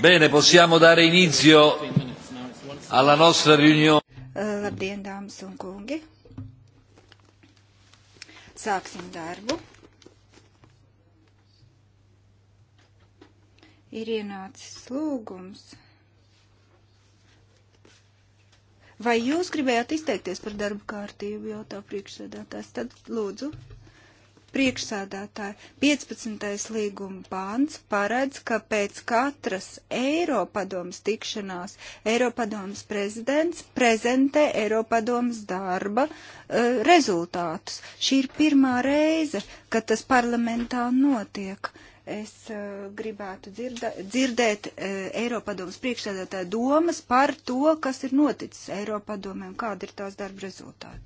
Bene, possiamo dare inizio alla nostra riunione. Eh, labdien, dāmas un kungi! Sāksim darbu. Ir ienācis lūgums. Vai jūs gribējāt izteikties par darbu kārtību, jautā priekšsēdētājs? Tad lūdzu. Priekšsēdētāji, 15. līguma pāns paredz, ka pēc katras Eiropadomas tikšanās Eiropadomas prezidents prezentē Eiropadomas darba uh, rezultātus. Šī ir pirmā reize, kad tas parlamentā notiek es uh, gribētu dzirda, dzirdēt uh, Eiropadomas priekšsēdētāja domas par to, kas ir noticis Eiropadomēm, kāda ir tās darba rezultāti.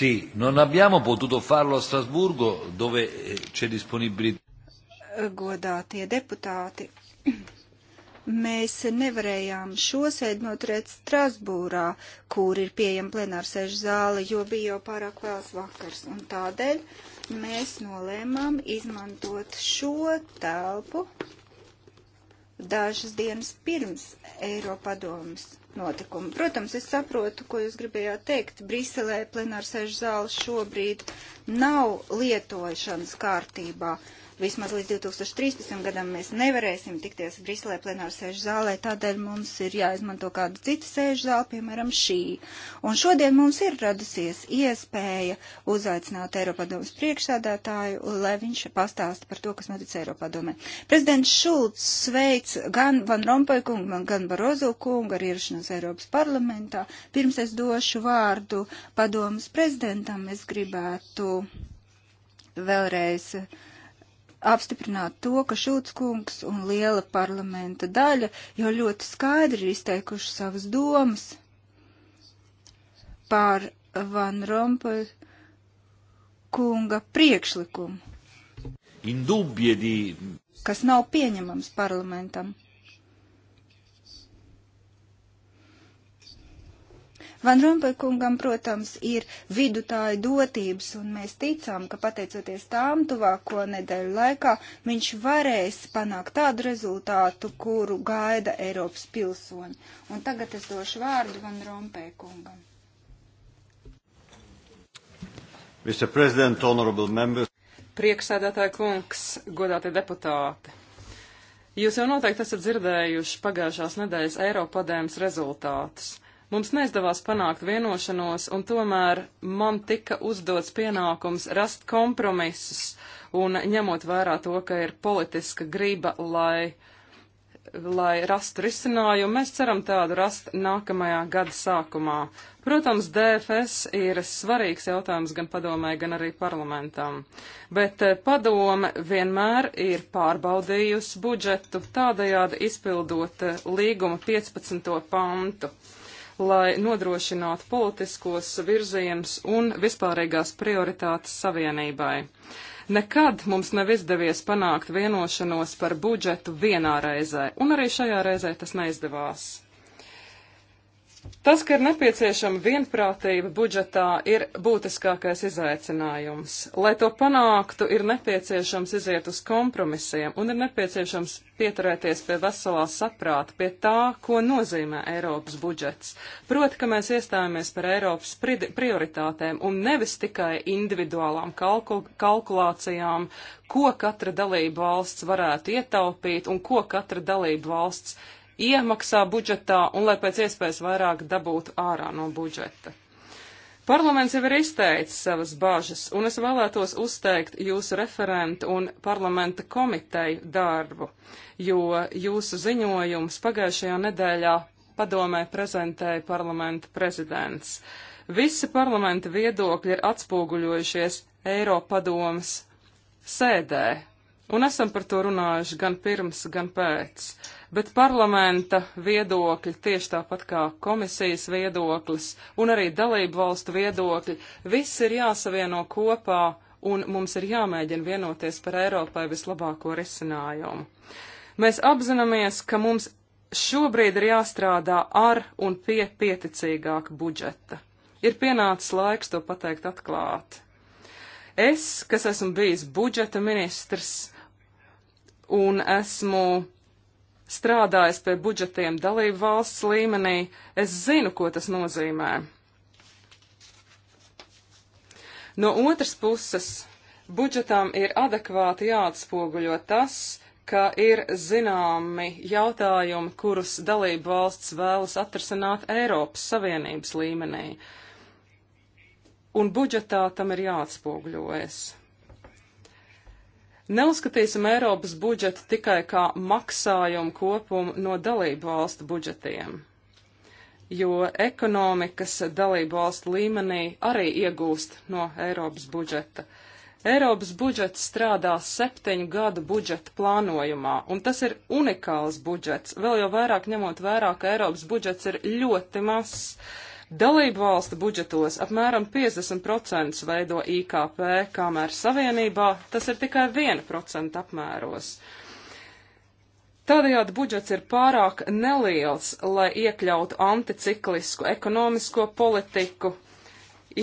Sì, non abbiamo potuto farlo a Strasburgo dove eh, c'è disponibilità. Godātie deputāti, mēs nevarējām šo sēdi noturēt Strasbūrā, kur ir pieejama plenārsēžu zāle, jo bija jau pārāk vēls vakars. Un tādēļ mēs nolēmām izmantot šo telpu dažas dienas pirms Eiropadomas notikuma. Protams, es saprotu, ko jūs gribējāt teikt. Briselē plenārsēžu zāle šobrīd nav lietošanas kārtībā. Uh, Vismaz līdz 2013. gadam mēs nevarēsim tikties Briselē plenāru sēžu zālē, tādēļ mums ir jāizmanto kāda cita sēžu zāle, piemēram šī. Un šodien mums ir radusies iespēja uzaicināt Eiropadomas priekšsādātāju, lai viņš pastāsta par to, kas notic Eiropadomē. Prezidents Šulcs sveic gan Van Rompuy kungu, gan Barozo kungu ar ierašanos Eiropas parlamentā. Pirms es došu vārdu padomas prezidentam, es gribētu vēlreiz apstiprināt to, ka Šulc kungs un liela parlamenta daļa jau ļoti skaidri ir izteikuši savas domas par Van Rompuy kunga priekšlikumu, kas nav pieņemams parlamentam. Van Rompekungam, protams, ir vidutāja dotības, un mēs ticām, ka pateicoties tām tuvāko nedēļu laikā viņš varēs panākt tādu rezultātu, kuru gaida Eiropas pilsoņi. Un tagad es došu vārdu Van Rompekungam. Mr. President, honorable members. Prieksēdētāja kungs, godātie deputāti. Jūs jau noteikti esat dzirdējuši pagājušās nedēļas Eiropadēmas rezultātus. Mums neizdevās panākt vienošanos, un tomēr man tika uzdots pienākums rast kompromisus, un ņemot vērā to, ka ir politiska griba, lai, lai rastu risinājumu, mēs ceram tādu rast nākamajā gada sākumā. Protams, DFS ir svarīgs jautājums gan padomē, gan arī parlamentam. Bet eh, padome vienmēr ir pārbaudījusi budžetu tādajādi izpildot eh, līguma 15. pantu lai nodrošinātu politiskos virzienus un vispārīgās prioritātes savienībai. Nekad mums nav izdevies panākt vienošanos par budžetu vienā reizē, un arī šajā reizē tas neizdevās. Tas, ka ir nepieciešama vienprātība budžetā, ir būtiskākais izaicinājums. Lai to panāktu, ir nepieciešams iziet uz kompromisiem un ir nepieciešams pieturēties pie veselā saprāta, pie tā, ko nozīmē Eiropas budžets. Proti, ka mēs iestājāmies par Eiropas prioritātēm un nevis tikai individuālām kalkul kalkulācijām, ko katra dalība valsts varētu ietaupīt un ko katra dalība valsts iemaksā budžetā un lai pēc iespējas vairāk dabūtu ārā no budžeta. Parlaments jau ir izteicis savas bažas, un es vēlētos uzteikt jūsu referentu un parlamenta komiteju darbu, jo jūsu ziņojums pagājušajā nedēļā padomē prezentēja parlamenta prezidents. Visi parlamenta viedokļi ir atspoguļojušies Eiropadomas sēdē, un esam par to runājuši gan pirms, gan pēc bet parlamenta viedokļi, tieši tāpat kā komisijas viedoklis un arī dalību valstu viedokļi, viss ir jāsavieno kopā un mums ir jāmēģina vienoties par Eiropai vislabāko risinājumu. Mēs apzināmies, ka mums šobrīd ir jāstrādā ar un pie pieticīgāka budžeta. Ir pienācis laiks to pateikt atklāti. Es, kas esmu bijis budžeta ministrs un esmu strādājis pie budžetiem dalību valsts līmenī, es zinu, ko tas nozīmē. No otras puses, budžetam ir adekvāti jāatspoguļo tas, ka ir zināmi jautājumi, kurus dalību valsts vēlas atrasināt Eiropas Savienības līmenī. Un budžetā tam ir jāatspoguļojas. Neuzskatīsim Eiropas budžetu tikai kā maksājumu kopumu no dalību valstu budžetiem, jo ekonomikas dalību valstu līmenī arī iegūst no Eiropas budžeta. Eiropas budžets strādā septiņu gadu budžeta plānojumā, un tas ir unikāls budžets, vēl jau vairāk ņemot vērā, ka Eiropas budžets ir ļoti mazs. Dalību valstu budžetos apmēram 50% veido IKP, kamēr savienībā tas ir tikai 1% apmēros. Tādējādi budžets ir pārāk neliels, lai iekļautu anticiklisku ekonomisko politiku,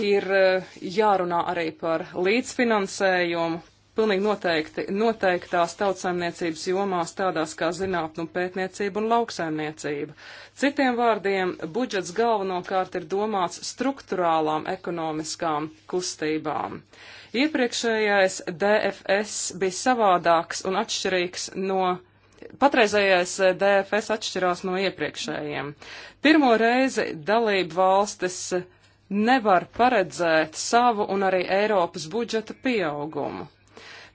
ir eh, jārunā arī par līdzfinansējumu, pilnīgi noteikti noteiktās tautsaimniecības jomās tādās kā zinātnu pētniecība un lauksaimniecība. Citiem vārdiem, budžets galvenokārt ir domāts struktūrālām ekonomiskām kustībām. Iepriekšējais DFS bija savādāks un atšķirīgs no Patreizējais DFS atšķirās no iepriekšējiem. Pirmo reizi dalību valstis nevar paredzēt savu un arī Eiropas budžeta pieaugumu.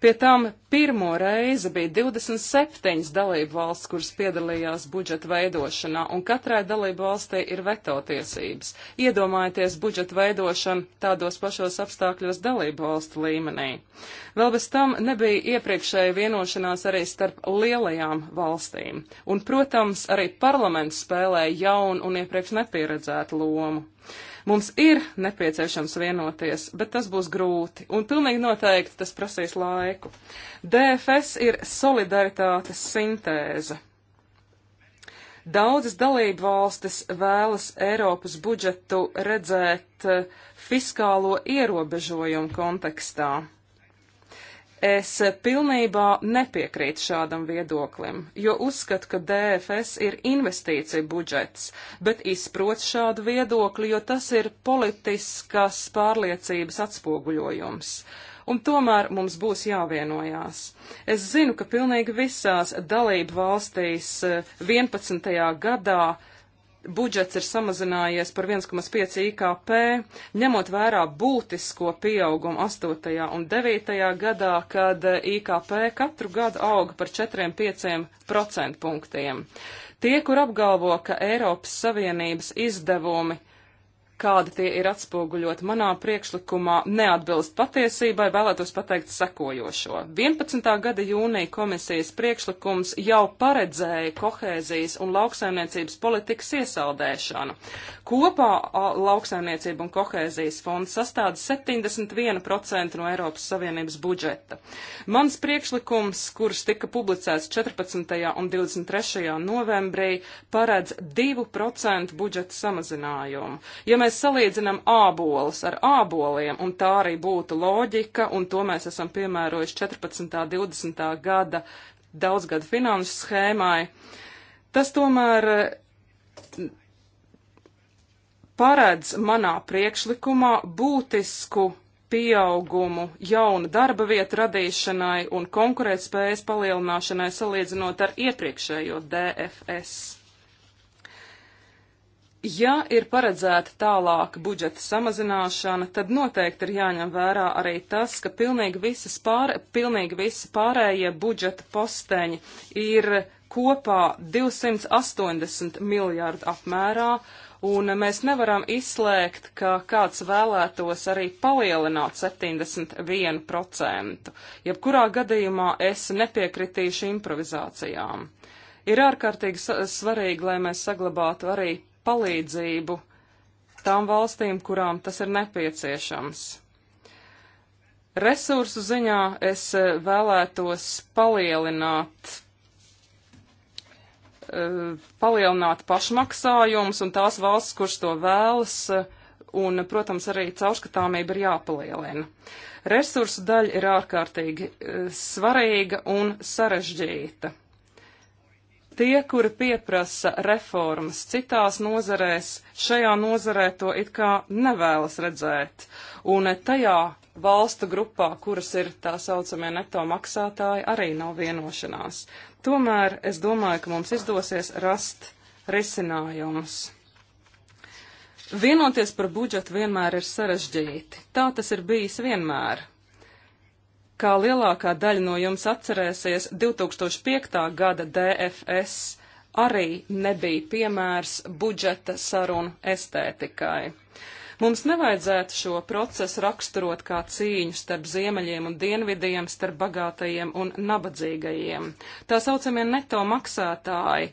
Pie tam pirmo reizi bija 27 dalību valsts, kuras piedalījās budžeta veidošanā, un katrai dalību valstī ir veto tiesības. Iedomājieties budžeta veidošanu tādos pašos apstākļos dalību valstu līmenī. Vēl bez tam nebija iepriekšēja vienošanās arī starp lielajām valstīm, un, protams, arī parlaments spēlēja jaunu un iepriekš nepieredzētu lomu. Mums ir nepieciešams vienoties, bet tas būs grūti, un pilnīgi noteikti tas prasīs laiku. DFS ir solidaritātes sintēze. Daudzas dalību valstis vēlas Eiropas budžetu redzēt eh, fiskālo ierobežojumu kontekstā. Es pilnībā nepiekrītu šādam viedoklim, jo uzskatu, ka DFS ir investīcija budžets, bet izprots šādu viedokli, jo tas ir politiskas pārliecības atspoguļojums un tomēr mums būs jāvienojās. Es zinu, ka pilnīgi visās dalību valstīs 11. Eh, gadā budžets ir samazinājies par 1,5 IKP, ņemot vērā būtisko pieaugumu 8. un 9. gadā, kad IKP katru gadu auga par 4-5 procentpunktiem. Tie, kur apgalvo, ka Eiropas Savienības izdevumi kādi tie ir atspoguļoti manā priekšlikumā, neatbilst patiesībai, vēlētos pateikt sekojošo. 11. gada jūnija komisijas priekšlikums jau paredzēja kohēzijas un lauksaimniecības politikas iesaldēšanu. Kopā lauksaimniecība un kohēzijas fonds sastāda 71% no Eiropas Savienības budžeta. Mans priekšlikums, kurš tika publicēts 14. un 23. novembrī, paredz 2% budžeta samazinājumu. Ja mēs salīdzinām ābolus ar āboliem, un tā arī būtu loģika, un to mēs esam piemērojuši 14. 20. gada daudzgada finanšu schēmai, tas tomēr eh, paredz manā priekšlikumā būtisku pieaugumu jaunu darba vietu radīšanai un konkurētspējas palielināšanai salīdzinot ar iepriekšējo DFS. Ja ir paredzēta tālāka budžeta samazināšana, tad noteikti ir jāņem vērā arī tas, ka pilnīgi, pār, pilnīgi visi pārējie budžeta posteņi ir kopā 280 miljārdu apmērā, un mēs nevaram izslēgt, ka kāds vēlētos arī palielināt 71%. Jebkurā gadījumā es nepiekritīšu improvizācijām. Ir ārkārtīgi svarīgi, lai mēs saglabātu arī palīdzību tām valstīm, kurām tas ir nepieciešams. Resursu ziņā es eh, vēlētos palielināt eh, palielināt pašmaksājumus un tās valsts, kuras to vēlas, eh, un, protams, arī caurskatāmība ir jāpalielina. Resursu daļa ir ārkārtīgi svarīga un sarežģīta. Tie, kuri pieprasa reformas citās nozarēs, šajā nozarē to it kā nevēlas redzēt, un tajā valstu grupā, kuras ir tā saucamie neto maksātāji, arī nav vienošanās. Tomēr es domāju, ka mums izdosies rast risinājumus. Vienoties par budžetu vienmēr ir sarežģīti. Tā tas ir bijis vienmēr kā lielākā daļa no jums atcerēsies, 2005. gada DFS arī nebija piemērs budžeta sarunu estētikai. Mums nevajadzētu šo procesu raksturot kā cīņu starp ziemeļiem un dienvidiem, starp bagātajiem un nabadzīgajiem. Tā saucamie neto maksātāji.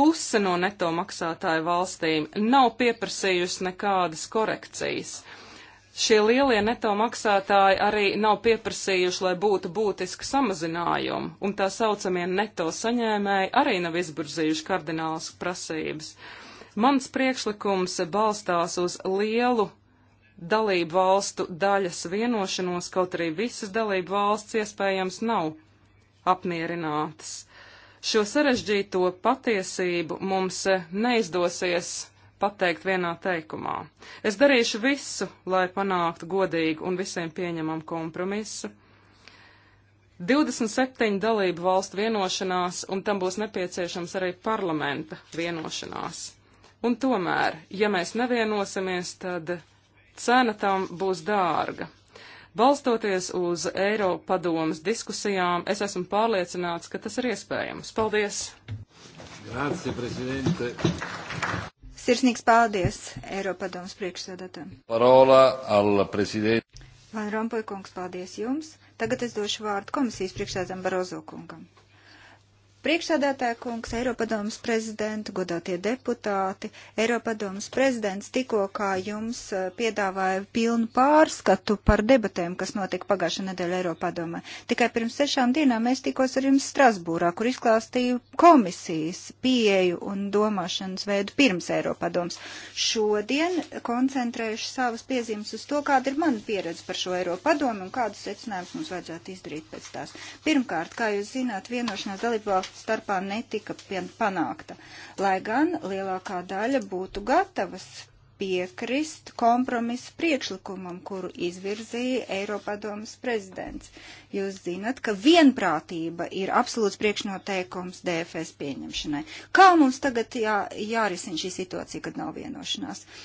Puse no neto maksātāju valstīm nav pieprasījusi nekādas korekcijas. Šie lielie neto maksātāji arī nav pieprasījuši, lai būtu būtiska samazinājuma, un tā saucamie neto saņēmēji arī nav izburzījuši kardinālas prasības. Mans priekšlikums balstās uz lielu dalību valstu daļas vienošanos, kaut arī visas dalību valsts iespējams nav apmierinātas. Šo sarežģīto patiesību mums neizdosies pateikt vienā teikumā. Es darīšu visu, lai panāktu godīgu un visiem pieņemamu kompromisu. 27 dalību valstu vienošanās, un tam būs nepieciešams arī parlamenta vienošanās. Un tomēr, ja mēs nevienosimies, tad cena tam būs dārga. Balstoties uz Eiropa padomas diskusijām, es esmu pārliecināts, ka tas ir iespējams. Paldies! Grazie, prezidente! Sirsnīgs paldies Eiropadomas priekšsēdētājiem. Parola al prezident. Van Rompuy kungs, paldies jums. Tagad es došu vārdu komisijas priekšsēdētājam Barozo kungam. Priekšsādātāja kungs, Eiropadomas prezidenta, godātie deputāti, Eiropadomas prezidents tikko kā jums eh, piedāvāja pilnu pārskatu par debatēm, kas notika pagājušā nedēļa Eiropadomē. Tikai pirms sešām dienām es tikos ar jums Strasbūrā, kur izklāstīju komisijas pieeju un domāšanas veidu pirms Eiropadomas. Šodien koncentrēšu savas piezīmes uz to, kāda ir mana pieredze par šo Eiropadomu un kādus secinājumus mums vajadzētu izdarīt pēc tās. Pirmkārt, kā jūs zināt, vienošanās dalībvalsts starpā netika panākta, lai gan lielākā daļa būtu gatavas piekrist kompromisu priekšlikumam, kuru izvirzīja Eiropadomas prezidents. Jūs zinat, ka vienprātība ir absolūts priekšnoteikums DFS pieņemšanai. Kā mums tagad jā, jārisina šī situācija, kad nav vienošanās? Uh,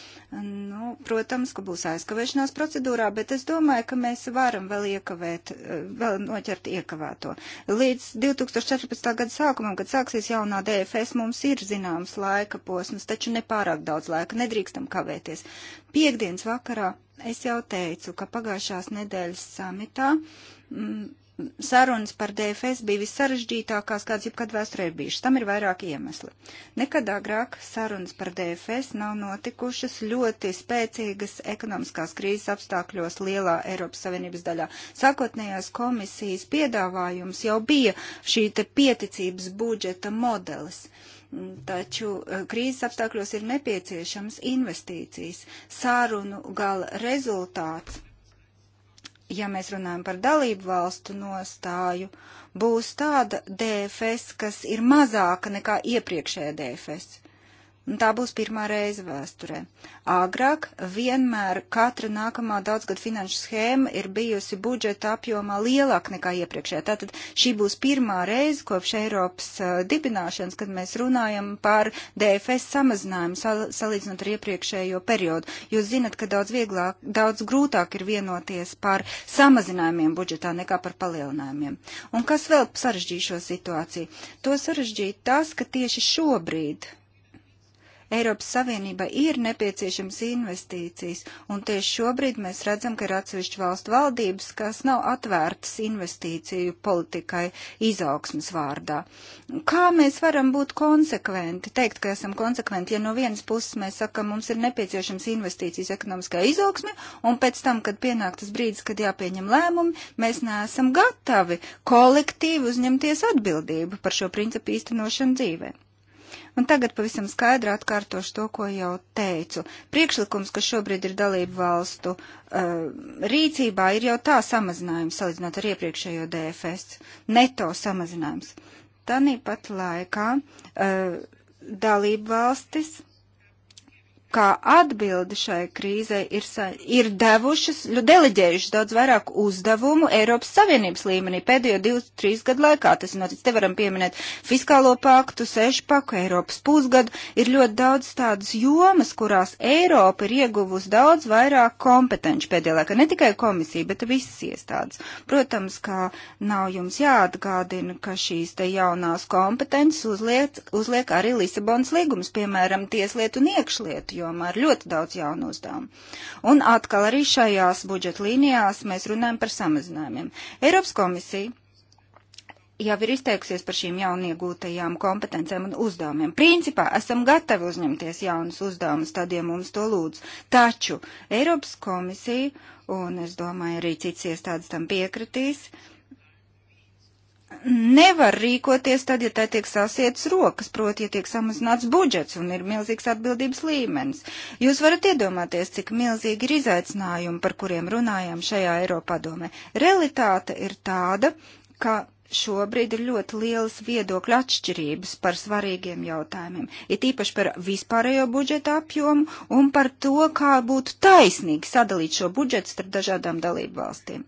Nu, protams, ka būs aizkavēšanās procedūrā, bet es domāju, ka mēs varam vēl iekavēt, eh, vēl noķert iekavēto. Līdz 2014. gada sākumam, kad sāksies jaunā DFS, mums ir zināms laika posms, taču nepārāk daudz laika, nedrīkstam kavēties. Piektdienas vakarā es jau teicu, ka pagājušās nedēļas samitā. Mm, sarunas par DFS bija vissarežģītākās, kāds jebkad vēsturē ir bijušas. Tam ir vairāki iemesli. Nekad agrāk sarunas par DFS nav notikušas ļoti spēcīgas ekonomiskās krīzes apstākļos lielā Eiropas Savienības daļā. Sākotnējās komisijas piedāvājums jau bija šī te pieticības budžeta modelis. Taču eh, krīzes apstākļos ir nepieciešams investīcijas. Sārunu gala rezultāts ja mēs runājam par dalību valstu nostāju, būs tāda DFS, kas ir mazāka nekā iepriekšējā DFS. Un tā būs pirmā reize vēsturē. Agrāk vienmēr katra nākamā daudzgad finanšu schēma ir bijusi budžeta apjomā lielāka nekā iepriekšējā. Tātad šī būs pirmā reize kopš Eiropas uh, dibināšanas, kad mēs runājam par DFS samazinājumu sal salīdzinot ar iepriekšējo periodu. Jūs zinat, ka daudz vieglāk, daudz grūtāk ir vienoties par samazinājumiem budžetā nekā par palielinājumiem. Un kas vēl sarežģīja šo situāciju? To sarežģīja tas, ka tieši šobrīd Eiropas Savienībai ir nepieciešams investīcijas, un tieši šobrīd mēs redzam, ka ir atsevišķi valstu valdības, kas nav atvērtas investīciju politikai izaugsmas vārdā. Kā mēs varam būt konsekventi, teikt, ka esam konsekventi, ja no vienas puses mēs sakam, mums ir nepieciešams investīcijas ekonomiskā izaugsme, un pēc tam, kad pienāk tas brīdis, kad jāpieņem lēmumi, mēs neesam gatavi kolektīvi uzņemties atbildību par šo principu īstenošanu dzīvēm. Un tagad pavisam skaidri atkārtošu to, ko jau teicu. Priekšlikums, kas šobrīd ir dalību valstu uh, rīcībā, ir jau tā samazinājums salīdzinot ar iepriekšējo DFS, neto samazinājums. Tanīpat laikā uh, dalību valstis kā atbildi šai krīzē ir, ir devušas, nu, deleģējušas daudz vairāk uzdevumu Eiropas Savienības līmenī pēdējo 23 gadu laikā. Tas ir noticis, te varam pieminēt fiskālo paktu, sešpaku, Eiropas pusgadu. Ir ļoti daudz tādas jomas, kurās Eiropa ir ieguvusi daudz vairāk kompetenci pēdējā laikā. Ne tikai komisija, bet visas iestādes. Protams, ka nav jums jāatgādina, ka šīs te jaunās kompetences uzliek, uzliek arī Lisabonas līgums, piemēram, tieslietu un iekšlietu jomā ar ļoti daudz jaunu uzdevumu. Un atkal arī šajās budžeta līnijās mēs runājam par samazinājumiem. Eiropas komisija jau ir izteikusies par šīm jauniegūtajām kompetencēm un uzdevumiem. Principā esam gatavi uzņemties jaunus uzdevumus, tad, ja mums to lūdz. Taču Eiropas komisija, un es domāju, arī cits iestādes tam piekritīs, uh, nevar rīkoties tad, ja tai tiek sasietas rokas, proti, ja tiek samazināts budžets un ir milzīgs atbildības līmenis. Jūs varat iedomāties, cik milzīgi ir izaicinājumi, par kuriem runājām šajā Eiropadomē. Realitāte ir tāda, ka šobrīd ir ļoti lielas viedokļa atšķirības par svarīgiem jautājumiem, ir īpaši par vispārējo budžeta apjomu un par to, kā būtu taisnīgi sadalīt šo budžetu starp dažādām dalību valstīm.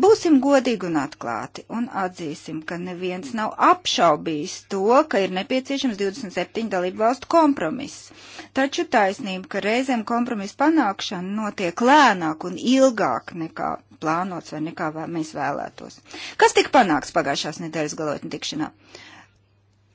Būsim godīgi un atklāti un atzīsim, ka neviens nav apšaubījis to, ka ir nepieciešams 27 dalību valstu kompromiss. Taču taisnība, ka reizēm kompromisu panākšana notiek lēnāk un ilgāk nekā plānots vai nekā mēs vēlētos. Kas tika panākts? panākts pagājušās nedēļas galotņu tikšanā. Uh,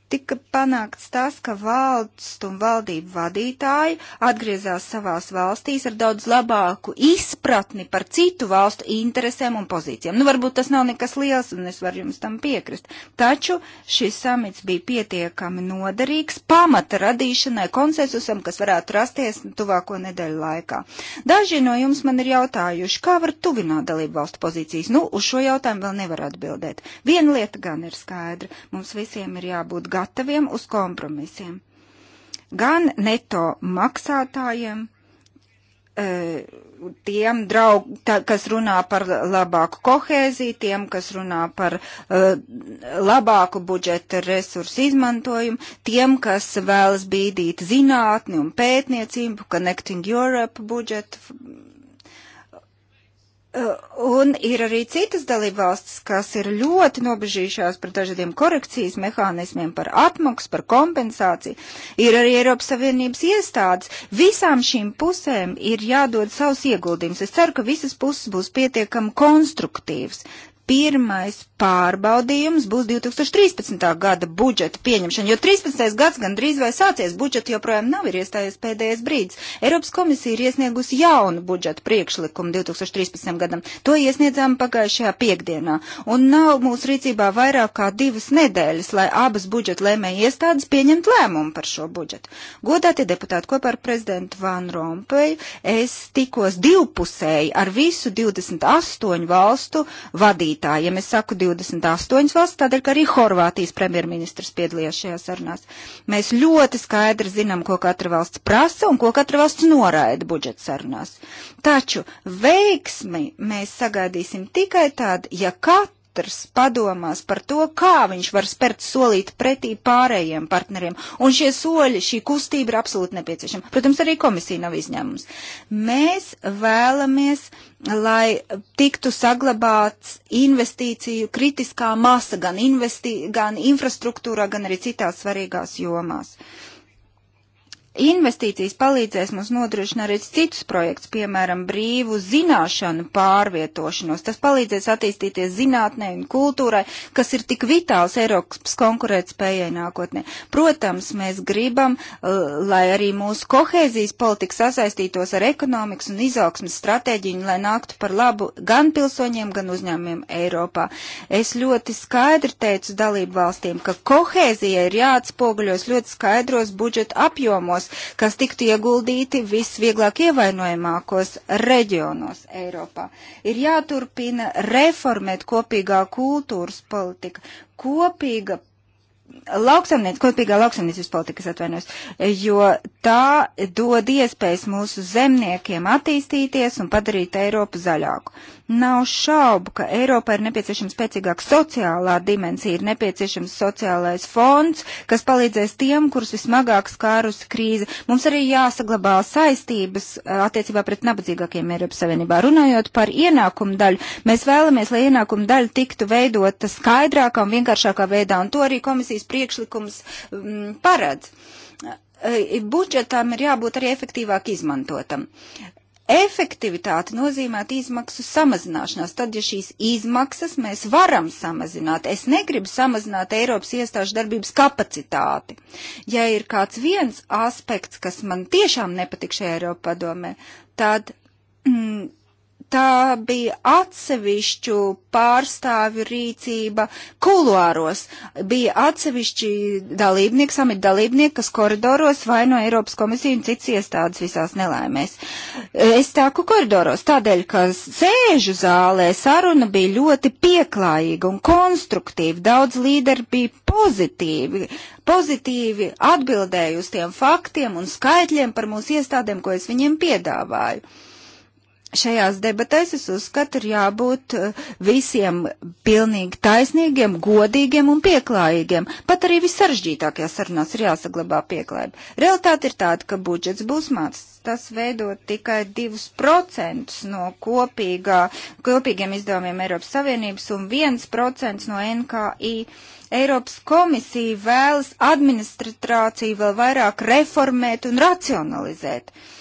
tika panākts tas, ka valsts un valdību vadītāji atgriezās savās valstīs ar daudz labāku izpratni par citu valstu interesēm un pozīcijām. Nu, varbūt tas nav nekas liels, un es varu jums tam piekrist. Taču šis samits bija pietiekami noderīgs pamata radīšanai konsensusam, kas varētu rasties tuvāko nedēļu laikā. Daži no jums man ir jautājuši, kā var tuvināt dalību valstu pozīcijas. Nu, uz šo jautājumu vēl nevar atbildēt. Viena lieta gan ir skaidra. Mums visiem ir jābūt gataviem uz kompromisiem. Gan neto maksātājiem, e, tiem draug, tā, kas runā par labāku kohēziju, tiem, kas runā par uh, labāku budžeta resursu izmantojumu, tiem, kas vēlas bīdīt zinātni un pētniecību, Connecting Europe budžeta Uh, un ir arī citas dalībvalstis, kas ir ļoti nobežījušās par dažādiem korekcijas mehānismiem, par atmaksu, par kompensāciju. Ir arī Eiropas Savienības iestādes. Visām šīm pusēm ir jādod savs ieguldījums. Es ceru, ka visas puses būs pietiekami konstruktīvas. Pirmais pārbaudījums būs 2013. gada budžeta pieņemšana, jo 13. gads gan drīz vai sācies, budžeta joprojām nav ir iestājies pēdējais brīdis. Eiropas komisija ir iesniegusi jaunu budžeta priekšlikumu 2013. gadam. To iesniedzām pagājušajā piekdienā. Un nav mūsu rīcībā vairāk kā divas nedēļas, lai abas budžeta lēmēja iestādes pieņemt lēmumu par šo budžetu. Godātie deputāti, kopā ar prezidentu Vānu Rompeju es tikos divpusēji ar visu 28 valstu vadību vadītājiem. Es saku 28 valsts, tādēļ, ka arī Horvātijas premjerministrs piedalījās šajā sarunās. Mēs ļoti skaidri zinām, ko katra valsts prasa un ko katra valsts noraida budžeta sarunās. Taču veiksmi mēs sagaidīsim tikai tad, ja katra katrs padomās par to, kā viņš var spērt solīt pretī pārējiem partneriem. Un šie soļi, šī kustība ir absolūti nepieciešama. Protams, arī komisija nav izņēmums. Mēs vēlamies, lai tiktu saglabāts investīciju kritiskā masa gan, investī, gan infrastruktūrā, gan arī citās svarīgās jomās. Uh, Investīcijas palīdzēs mums nodrošināt arī citus projektus, piemēram, brīvu zināšanu pārvietošanos. Tas palīdzēs attīstīties zinātnē un kultūrai, kas ir tik vitāls Eiropas konkurētspējai nākotnē. Protams, mēs gribam, uh, lai arī mūsu kohēzijas politika sasaistītos ar ekonomikas un izaugsmas stratēģiju, lai nāktu par labu gan pilsoņiem, gan uzņēmumiem Eiropā. Es ļoti skaidri teicu dalību valstīm, ka kohēzija ir jāatspoguļos ļoti skaidros budžeta apjomos resursus, kas tiktu ieguldīti visvieglāk ievainojamākos reģionos Eiropā. Ir jāturpina reformēt kopīgā kultūras politika. Kopīga lauksamniec, kopīgā lauksamniecības politikas atvainojas, jo tā dod iespējas mūsu zemniekiem attīstīties un padarīt Eiropu zaļāku. Nav šaubu, ka Eiropā ir nepieciešama spēcīgāka sociālā dimensija, ir nepieciešams sociālais fonds, kas palīdzēs tiem, kurus vismagāk skārusi krīze. Mums arī jāsaglabā saistības eh, attiecībā pret nabadzīgākiem Eiropas Savienībā. Runājot par ienākumu daļu, mēs vēlamies, lai ienākumu daļa tiktu veidota skaidrākā un vienkāršākā veidā, un to arī komisija komisijas priekšlikums m, mm, paredz. Budžetam ir jābūt arī efektīvāk izmantotam. Efektivitāte nozīmētu izmaksu samazināšanās. Tad, ja šīs izmaksas mēs varam samazināt, es negribu samazināt Eiropas iestāžu darbības kapacitāti. Ja ir kāds viens aspekts, kas man tiešām nepatik šajā Eiropa padomē, tad mm, tā bija atsevišķu pārstāvju rīcība kuluāros. Bija atsevišķi dalībnieki, samit dalībnieki, kas koridoros vai no Eiropas komisiju un cits iestādes visās nelēmēs. Es tāku koridoros tādēļ, ka sēžu zālē saruna bija ļoti pieklājīga un konstruktīva. Daudz līderi bija pozitīvi, pozitīvi atbildēju uz tiem faktiem un skaitļiem par mūsu iestādēm, ko es viņiem piedāvāju šajās debatēs es uzskatu ir jābūt eh, visiem pilnīgi taisnīgiem, godīgiem un pieklājīgiem. Pat arī vissaržģītākajās sarunās ir jāsaglabā pieklājība. Realtāte ir tāda, ka budžets būs mācis. Tas veidot tikai 2% no kopīgā, kopīgiem izdevumiem Eiropas Savienības un 1% no NKI. Eiropas komisija vēlas administrāciju vēl vairāk reformēt un racionalizēt. Uh,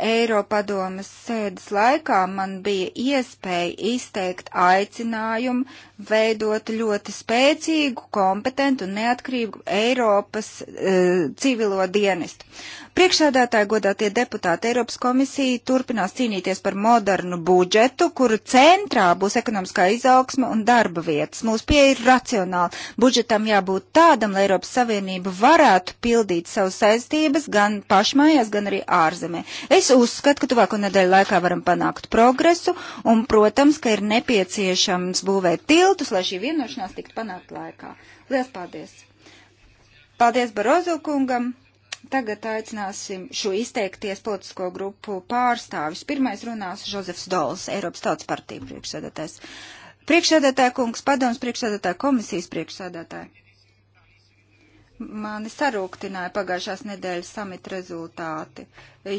Eiropadomas sēdes laikā man bija iespēja izteikt aicinājumu veidot ļoti spēcīgu, kompetentu un neatkarīgu Eiropas e, civilo dienestu. Priekšsēdētāji, godātie deputāti, Eiropas komisija turpinās cīnīties par modernu budžetu, kuru centrā būs ekonomiskā izaugsma un darba vietas. Mūsu pieeja ir racionāla. Budžetam jābūt tādam, lai Eiropas Savienība varētu pildīt savas saistības gan pašmājās, gan arī ārzemē. Es uzskatu, ka tuvāko nedēļu laikā varam panākt progresu un, protams, ka ir nepieciešams būvēt tiltus, lai šī vienošanās tiktu panākt laikā. Lielas paldies! Paldies Barozu kungam! Tagad aicināsim šo izteikties politisko grupu pārstāvis. Pirmais runās Žozefs Dols, Eiropas Tautas partija priekšsēdētājs. Priekšsēdētāja kungs, padoms priekšsēdētāja, komisijas priekšsēdētāja. Mani sarūktināja pagājušās nedēļas samita rezultāti,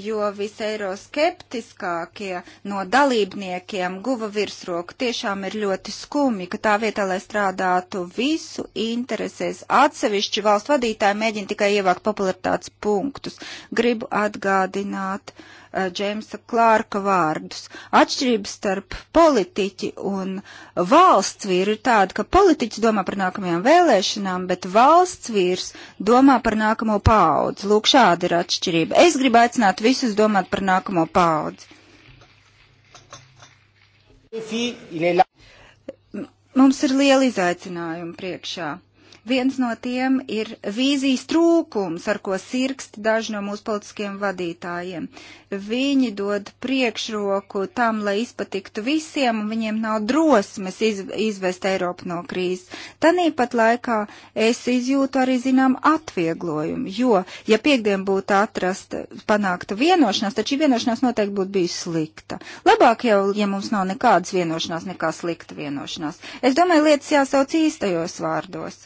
jo viseiroskeptiskākie no dalībniekiem guva virsroku. Tiešām ir ļoti skumji, ka tā vietā, lai strādātu visu interesēs, atsevišķi valstu vadītāji mēģina tikai ievākt popularitātes punktus. Gribu atgādināt. Uh, Eh, Džeimsa Klārka vārdus. Atšķirības starp politiķi un valsts vīru ir tāda, ka politiķis domā par nākamajām vēlēšanām, bet valsts vīrs domā par nākamo paudzi. Lūk, šāda ir atšķirība. Es gribu aicināt visus domāt par nākamo paudzi. Mums ir liela izaicinājuma priekšā. Viens no tiem ir vīzijas trūkums, ar ko sirkst daži no mūsu politiskiem vadītājiem. Viņi dod priekšroku tam, lai izpatiktu visiem, un viņiem nav drosmes iz, izvest Eiropu no krīzes. Tanīpat laikā es izjūtu arī, zinām, atvieglojumu, jo, ja piekdien būtu atrasta, panākta vienošanās, tad šī vienošanās noteikti būtu bijusi slikta. Labāk jau, ja mums nav nekādas vienošanās, nekā slikta vienošanās. Es domāju, lietas jāsauc īstajos vārdos.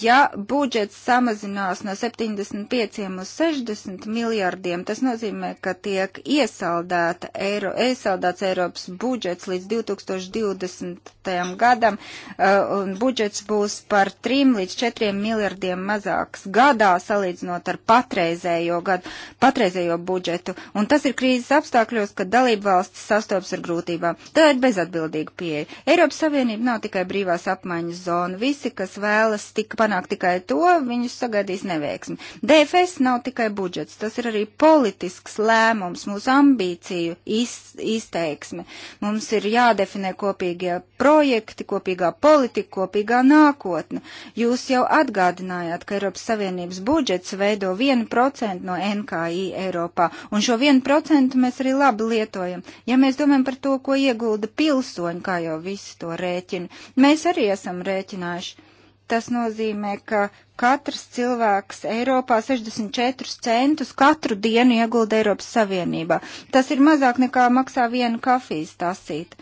Ja budžets samazinās no 75 uz 60 miljardiem, tas nozīmē, ka tiek iesaldēta Eiro, iesaldēts Eiropas budžets līdz 2020. gadam, uh, un budžets būs par 3 līdz 4 miljardiem mazāks gadā, salīdzinot ar patreizējo gadu, patreizējo budžetu. Un tas ir krīzes apstākļos, kad dalība valsts sastopas ar grūtībām. Tā ir bezatbildīga pieeja. Eiropas Savienība nav tikai brīvās apmaiņas zona. Visi, kas vēlas tika panākt tikai to, viņus sagaidīs neveiksmi. DFS nav tikai budžets, tas ir arī politisks lēmums, mūsu ambīciju iz, izteiksme. Mums ir jādefinē kopīgie projekti, kopīgā politika, kopīgā nākotne. Jūs jau atgādinājāt, ka Eiropas Savienības budžets veido 1% no NKI Eiropā, un šo 1% mēs arī labi lietojam. Ja mēs domājam par to, ko iegulda pilsoņi, kā jau visi to rēķina, mēs arī esam rēķinājuši. Tas nozīmē, ka katrs cilvēks Eiropā 64 centus katru dienu iegulda Eiropas Savienībā. Tas ir mazāk nekā maksā viena kafijas tasīta.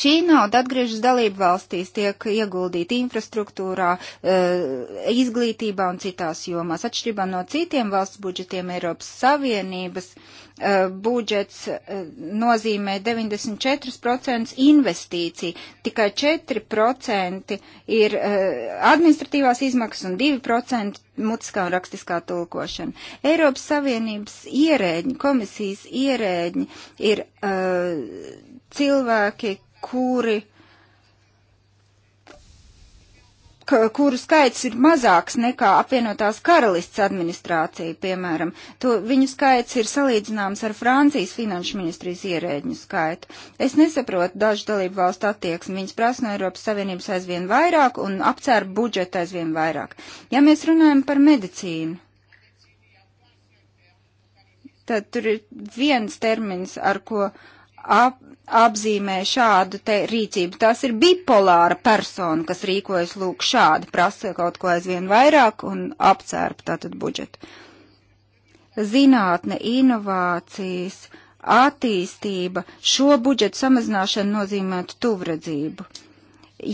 Šī nauda atgriežas dalību valstīs, tiek ieguldīta infrastruktūrā, eh, izglītībā un citās jomās. Atšķirībā no citiem valsts budžetiem Eiropas Savienības Eh, budžets eh, nozīmē 94% investīciju, tikai 4% ir eh, administratīvās izmaksas un 2% mutiskā un rakstiskā tulkošana. Eiropas Savienības ierēģi, komisijas ierēģi ir uh, cilvēki, kuri uh, kuru skaits ir mazāks nekā apvienotās karalists administrācija, piemēram. To, viņu skaits ir salīdzināms ar Francijas finanšu ministrijas ierēģņu skaitu. Es nesaprotu dažu dalību valstu attieksmi. Viņas prasa no Eiropas Savienības aizvien vairāk un apcēr budžetu aizvien vairāk. Ja mēs runājam par medicīnu, tad tur ir viens termins, ar ko ap, apzīmē šādu te rīcību. Tas ir bipolāra persona, kas rīkojas lūk šādi, prasa kaut ko aizvien vairāk un apcērp tātad budžetu. Zinātne, inovācijas, attīstība, šo budžetu samazināšana nozīmētu tuvredzību.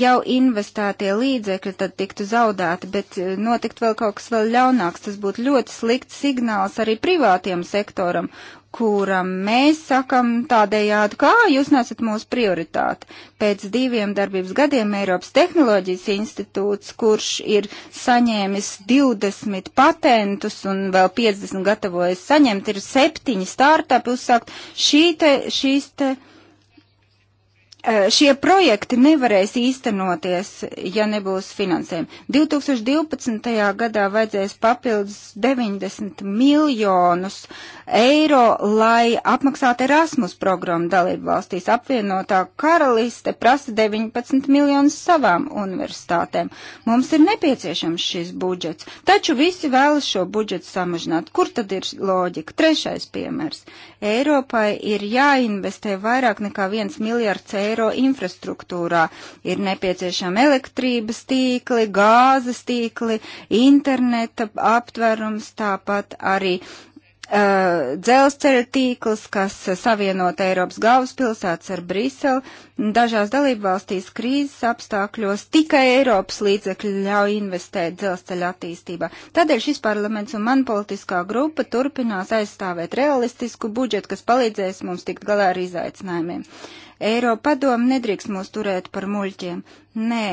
Jau investētie līdzekļi tad tiktu zaudēti, bet e, notikt vēl kaut kas vēl ļaunāks. Tas būtu ļoti slikts signāls arī privātiem sektoram, kuram mēs sakam tādējādi, kā jūs nesat mūsu prioritāte. Pēc diviem darbības gadiem Eiropas tehnoloģijas institūts, kurš ir saņēmis 20 patentus un vēl 50 gatavojas saņemt, ir septiņi startupi uzsākt. Šī te, šīs te. Uh, Eh, šie projekti nevarēs īstenoties, ja nebūs finansējumi. 2012. gadā vajadzēs papildus 90 miljonus eiro, lai apmaksātu Erasmus programmu dalību valstīs. Apvienotā karaliste prasa 19 miljonus savām universitātēm. Mums ir nepieciešams šis budžets, taču visi vēlas šo budžetu samazināt. Kur tad ir loģika? Trešais piemērs. Eiropai ir jāinvestē vairāk nekā 1 miljards eiro eiro infrastruktūrā. Ir nepieciešama elektrības tīkli, gāzes tīkli, interneta aptverums, tāpat arī Uh, dzelzceļa tīkls, kas savienot Eiropas galvaspilsētas ar Briseli. Dažās dalībvalstīs krīzes apstākļos tikai Eiropas līdzekļi ļauj investēt dzelzceļa attīstībā. Tādēļ šis parlaments un man politiskā grupa turpinās aizstāvēt realistisku budžetu, kas palīdzēs mums tikt galā ar izaicinājumiem. Uh, Eiropa padomu nedrīkst mūs turēt par muļķiem. Nē,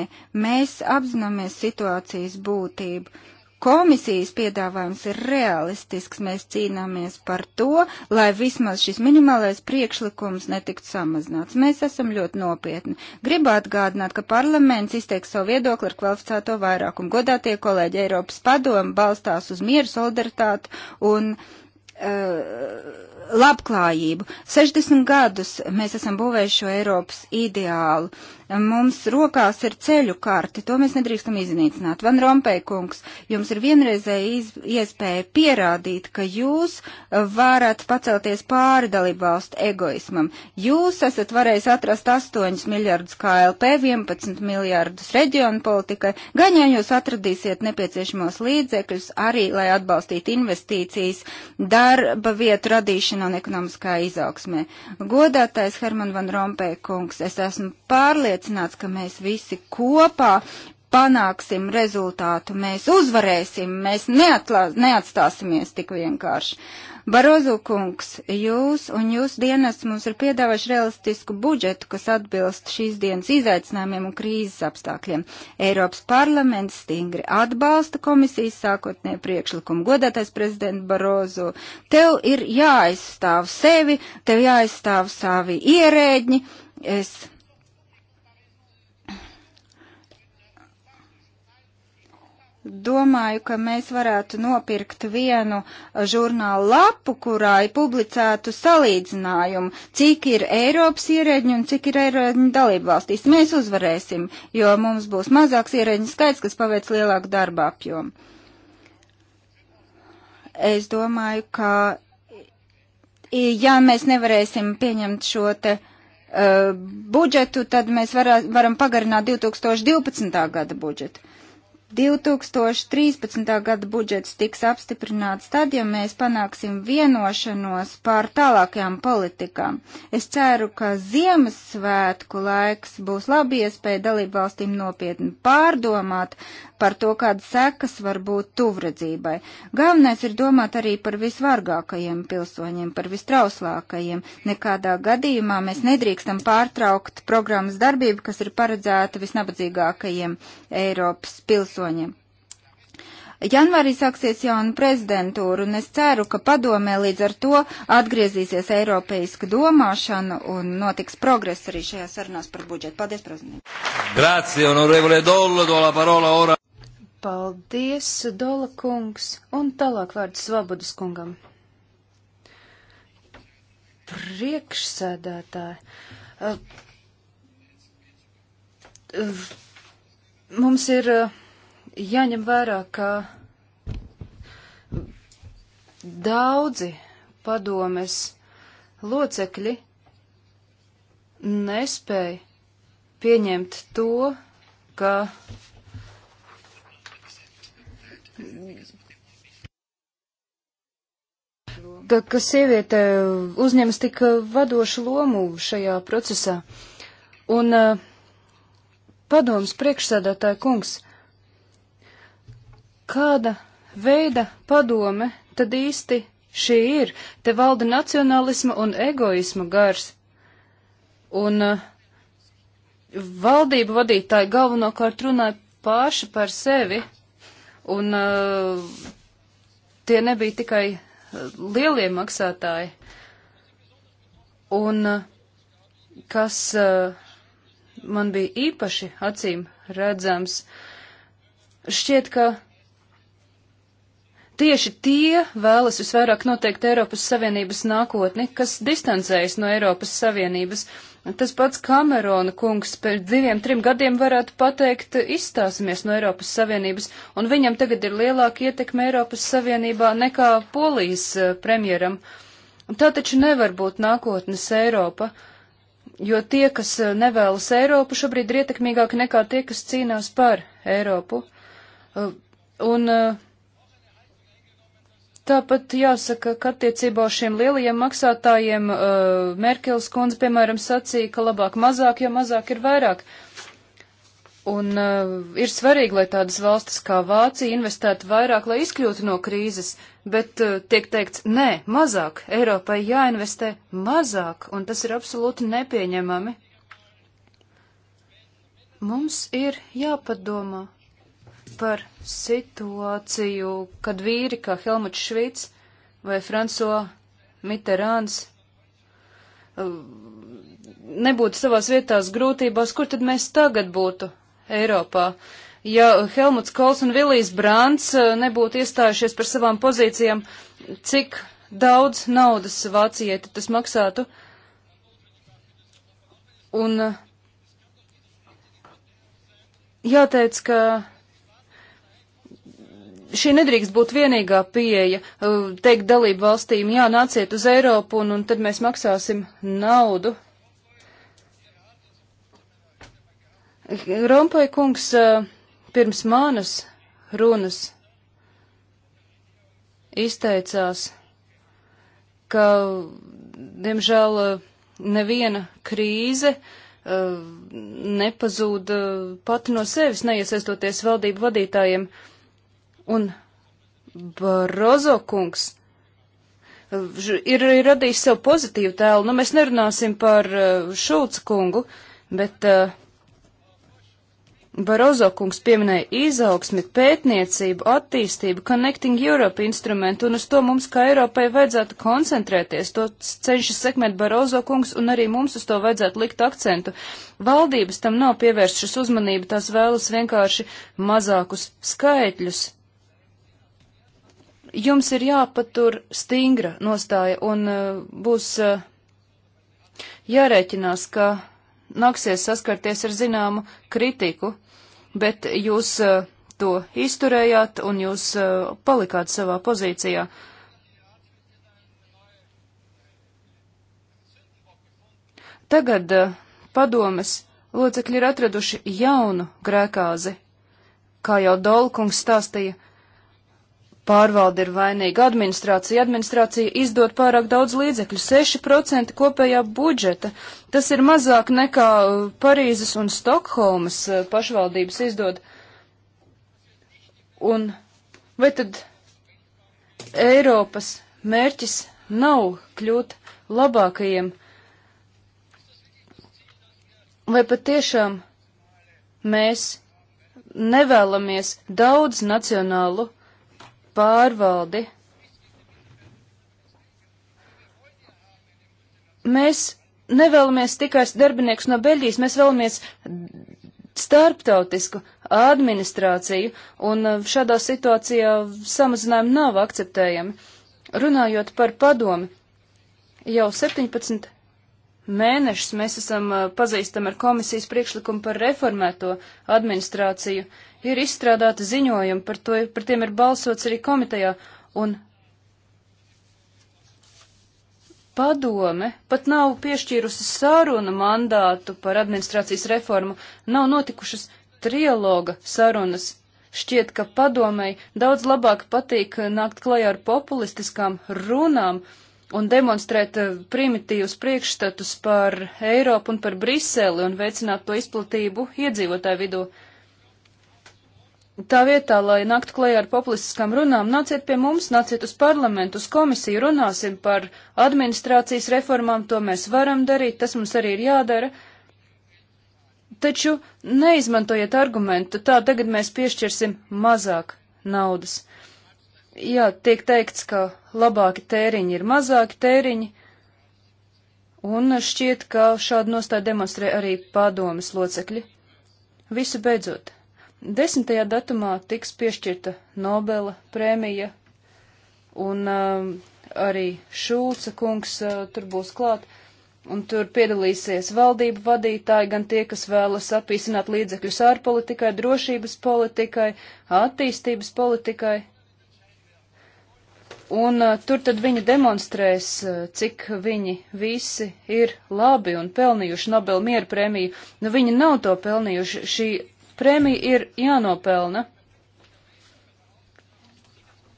mēs apzināmies situācijas būtību. Komisijas piedāvājums ir realistisks, mēs cīnāmies par to, lai vismaz šis minimālais priekšlikums netiktu samazināts. Mēs esam ļoti nopietni. Gribu atgādināt, ka parlaments izteiks savu viedokli ar kvalificēto vairākumu. Godātie kolēģi Eiropas padomu balstās uz mieru, solidaritāti un. Uh, labklājību. 60 gadus mēs esam būvējuši šo Eiropas ideālu. Mums rokās ir ceļu karti, to mēs nedrīkstam iznīcināt. Van Rompēkungs, jums ir vienreizēja iespēja pierādīt, ka jūs varat pacelties pāri dalībvalstu egoismam. Jūs esat varējis atrast 8 miljardus KLP, 11 miljardus reģionu politikai, gan ja jūs atradīsiet nepieciešamos līdzekļus arī, lai atbalstītu investīcijas darba vietu radīšanu izaugsmē un ekonomiskā izaugsmē. Godātais Herman Van Rompē kungs, es esmu pārliecināts, ka mēs visi kopā panāksim rezultātu, mēs uzvarēsim, mēs neatlā, neatstāsimies tik vienkārši. Barozu kungs, jūs un jūs dienas mums ir piedāvājuši realistisku budžetu, kas atbilst šīs dienas izaicinājumiem un krīzes apstākļiem. Eiropas parlaments stingri atbalsta komisijas sākotnē priekšlikumu. Godātais prezidents Barozu, tev ir jāaizstāv sevi, tev jāaizstāv savi ierēģi. Es domāju, ka mēs varētu nopirkt vienu žurnālu lapu, kurā ir publicētu salīdzinājumu, cik ir Eiropas ierēģi un cik ir ierēģi dalību valstīs. Mēs uzvarēsim, jo mums būs mazāks ierēģi skaits, kas paveic lielāku darba apjomu. Es domāju, ka ja mēs nevarēsim pieņemt šo te uh, budžetu, tad mēs varā, varam pagarināt 2012. gada budžetu. 2013. gada budžets tiks apstiprināts tad, ja mēs panāksim vienošanos par tālākajām politikām. Es ceru, ka Ziemassvētku laiks būs labi iespēja dalību valstīm nopietni pārdomāt, par to, kādas sekas var būt tuvredzībai. Galvenais ir domāt arī par visvargākajiem pilsoņiem, par vistrauslākajiem. Nekādā gadījumā mēs nedrīkstam pārtraukt programmas darbību, kas ir paredzēta visnabadzīgākajiem Eiropas pilsoņiem. Janvārī sāksies jauna prezidentūra, un es ceru, ka padomē līdz ar to atgriezīsies eiropeiska domāšana un notiks progress arī šajā sarunās par budžetu. Paldies, prezident! Grazie, onorevole Dollo, do la parola ora. Paldies, Dola kungs, un tālāk vārds Svabodas kungam. Priekšsēdētāji. Eh, mums ir eh, jāņem vērā, ka daudzi padomes locekļi nespēja pieņemt to, ka ka sieviete eh, uzņemas tik eh, vadošu lomu šajā procesā. Un eh, padoms priekšsēdētāja kungs, kāda veida padome tad īsti šī ir? Te valda nacionālisma un egoisma gars. Un valdību vadītāji galvenokārt runāja paši par sevi Un uh, tie nebija tikai eh, lielie maksātāji. Un uh, kas uh, man bija īpaši acīm redzams, šķiet, ka Tieši tie vēlas visvairāk noteikt Eiropas Savienības nākotni, kas distancējas no Eiropas Savienības. Tas pats Kamerona kungs pēc diviem, trim gadiem varētu pateikt, izstāsimies no Eiropas Savienības, un viņam tagad ir lielāka ietekme Eiropas Savienībā nekā Polijas eh, premjeram. Tā taču nevar būt nākotnes Eiropa, jo tie, kas eh, nevēlas Eiropu, šobrīd ir ietekmīgāki nekā tie, kas cīnās par Eiropu. Eh, un, uh, Tāpat jāsaka, ka attiecībā uz šiem lielajiem maksātājiem uh, Merkels kundze, piemēram, sacīja, ka labāk mazāk, jo mazāk ir vairāk. Un uh, ir svarīgi, lai tādas valstis kā Vācija investētu vairāk, lai izkļūtu no krīzes, bet uh, tiek teikts, nē, mazāk, Eiropai jāinvestē mazāk, un tas ir absolūti nepieņemami. Mums ir jāpadomā par situāciju, kad vīri kā Helmuts Švīts vai Franco Mitterāns uh, nebūtu savās vietās grūtībās, kur tad mēs tagad būtu Eiropā? Ja Helmuts Kols un Vilijs Brāns uh, nebūtu iestājušies par savām pozīcijām, cik daudz naudas Vācijai tas maksātu? Un uh, jāteic, ka šī nedrīkst būt vienīgā pieeja, uh, teikt dalību valstīm, jā, nāciet uz Eiropu un, un tad mēs maksāsim naudu. Rompai kungs uh, pirms manas runas izteicās, ka, diemžēl, uh, neviena krīze nepazūda pati no sevis, neiesaistoties valdību vadītājiem. Uh, Un Barozo kungs ir, ir radījis sev pozitīvu tēlu. Nu, mēs nerunāsim par Šulca kungu, bet uh, Barozo kungs pieminēja izaugsmi, pētniecību, attīstību, Connecting Europe instrumentu, un uz to mums kā Eiropai vajadzētu koncentrēties. To cenšas sekmēt Barozo kungs, un arī mums uz to vajadzētu likt akcentu. Valdības tam nav pievēršas uzmanību, tās vēlas vienkārši mazākus skaitļus. Jums ir jāpatur stingra nostāja un e, būs e, jārēķinās, ka nāksies saskarties ar zināmu kritiku, bet jūs e, to izturējāt un jūs palikāt savā pozīcijā. Tagad padomes locekļi ir atraduši jaunu grēkāzi. Kā jau Dolkungs stāstīja, Pārvalde ir vainīga administrācija. Administrācija izdod pārāk daudz līdzekļu - 6% kopējā budžeta. Tas ir mazāk nekā uh, Parīzes un Stokholmas uh, pašvaldības izdod. Un vai tad Eiropas mērķis nav kļūt labākajiem? Vai patiešām mēs nevēlamies daudz nacionālu pārvaldi. Mēs nevēlamies tikai darbiniekus no Beļģijas, mēs vēlamies starptautisku administrāciju, un uh, šādā situācijā samazinājumi nav akceptējami. Runājot par padomi, jau 17 mēnešus mēs esam uh, pazīstami ar komisijas priekšlikumu par reformēto administrāciju. Uh, ir izstrādāti ziņojumi, par, to, par tiem ir balsots arī komitejā, un padome pat nav piešķīrusi sarunu mandātu par administrācijas reformu, nav notikušas trialoga sarunas. Šķiet, ka padomei daudz labāk patīk nākt klajā ar populistiskām runām un demonstrēt eh, primitīvus priekšstatus par Eiropu un par Briseli un veicināt to izplatību iedzīvotāju vidū tā vietā, lai naktu klajā ar populistiskām runām, nāciet pie mums, nāciet uz parlamentu, uz komisiju, runāsim par administrācijas reformām, to mēs varam darīt, tas mums arī ir jādara. Taču neizmantojiet argumentu, tā tagad mēs piešķirsim mazāk naudas. Jā, tiek teikts, ka labāki tēriņi ir mazāki tēriņi, un šķiet, ka šādu nostāju demonstrē arī padomas locekļi. Visu beidzot. Desmitajā datumā tiks piešķirta Nobela prēmija, un um, arī Šulca kungs uh, tur būs klāt, un tur piedalīsies valdību vadītāji, gan tie, kas vēlas apīsināt līdzekļus ārpolitikai, drošības politikai, attīstības politikai. Un uh, tur tad viņi demonstrēs, uh, cik viņi visi ir labi un pelnījuši Nobela mieru prēmiju. Nu, viņi nav to pelnījuši. Šī Prēmija ir jānopelna.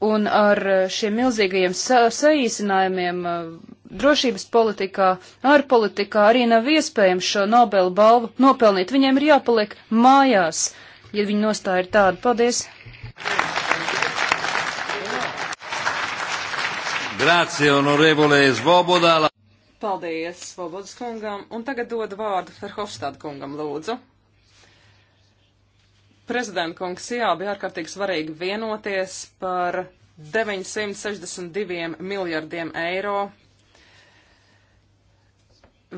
Un ar šiem milzīgajiem sa saīsinājumiem uh, drošības politikā, ārpolitikā arī nav iespējams šo Nobelu balvu nopelnīt. Viņiem ir jāpaliek mājās, ja viņi nostāja ir tāda. Paldies! Grazie, onorevole Svoboda. Paldies, Svobodas kungam, un tagad dodu vārdu Ferhofstāda kungam, lūdzu. Prezidenta kungs, jā, bija ārkārtīgi svarīgi vienoties par 962 miljardiem eiro.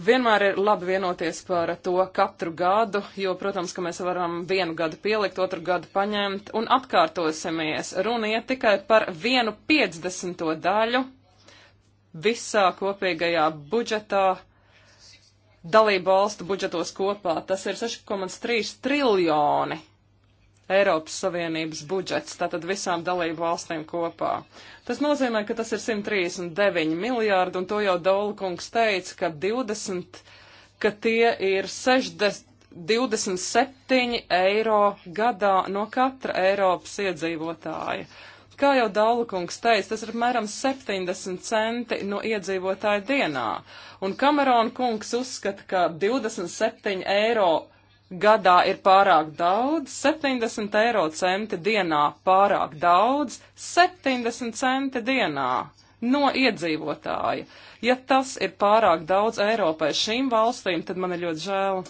Vienmēr ir labi vienoties par to katru gadu, jo, protams, ka mēs varam vienu gadu pielikt, otru gadu paņemt un atkārtosimies. Runa iet tikai par vienu piecdesmito daļu visā kopīgajā budžetā dalību valstu budžetos kopā. Tas ir 6,3 triljoni Eiropas Savienības budžets, tātad visām dalību valstīm kopā. Tas nozīmē, ka tas ir 139 miljārdi, un to jau Daulkungs teica, ka 20, ka tie ir 60, 27 eiro gadā no katra Eiropas iedzīvotāja. Kā jau Daulkungs teica, tas ir apmēram 70 centi no iedzīvotāja dienā. Un Kamerona kungs uzskata, ka 27 eiro gadā ir pārāk daudz, 70 eiro centi dienā pārāk daudz, 70 centi dienā no iedzīvotāja. Ja tas ir pārāk daudz Eiropai šīm valstīm, tad man ir ļoti žēl.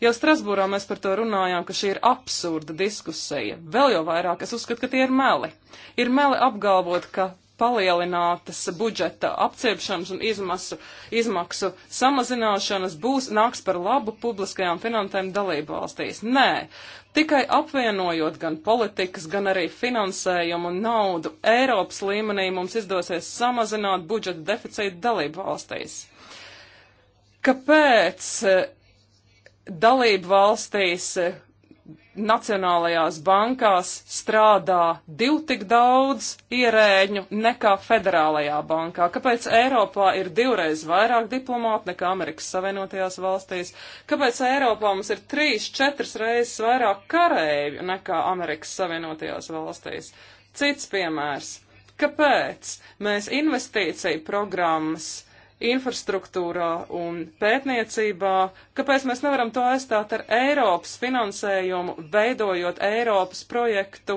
Jau Strasbūrā mēs par to runājām, ka šī ir absurda diskusija. Vēl jau vairāk es uzskatu, ka tie ir meli. Ir meli apgalvot, ka palielinātas budžeta apciepšanas un izmasu, izmaksu samazināšanas būs nāks par labu publiskajām finansēm dalību valstīs. Nē, tikai apvienojot gan politikas, gan arī finansējumu un naudu Eiropas līmenī mums izdosies samazināt budžeta deficītu dalību valstīs. Kāpēc eh, dalību valstīs eh, nacionālajās bankās strādā div tik daudz ierēģu nekā federālajā bankā? Kāpēc Eiropā ir divreiz vairāk diplomātu nekā Amerikas Savienotajās valstīs? Kāpēc Eiropā mums ir trīs, četras reizes vairāk karēju nekā Amerikas Savienotajās valstīs? Cits piemērs. Kāpēc mēs investīciju programmas infrastruktūrā un pētniecībā, kāpēc mēs nevaram to aizstāt ar Eiropas finansējumu, veidojot Eiropas projektu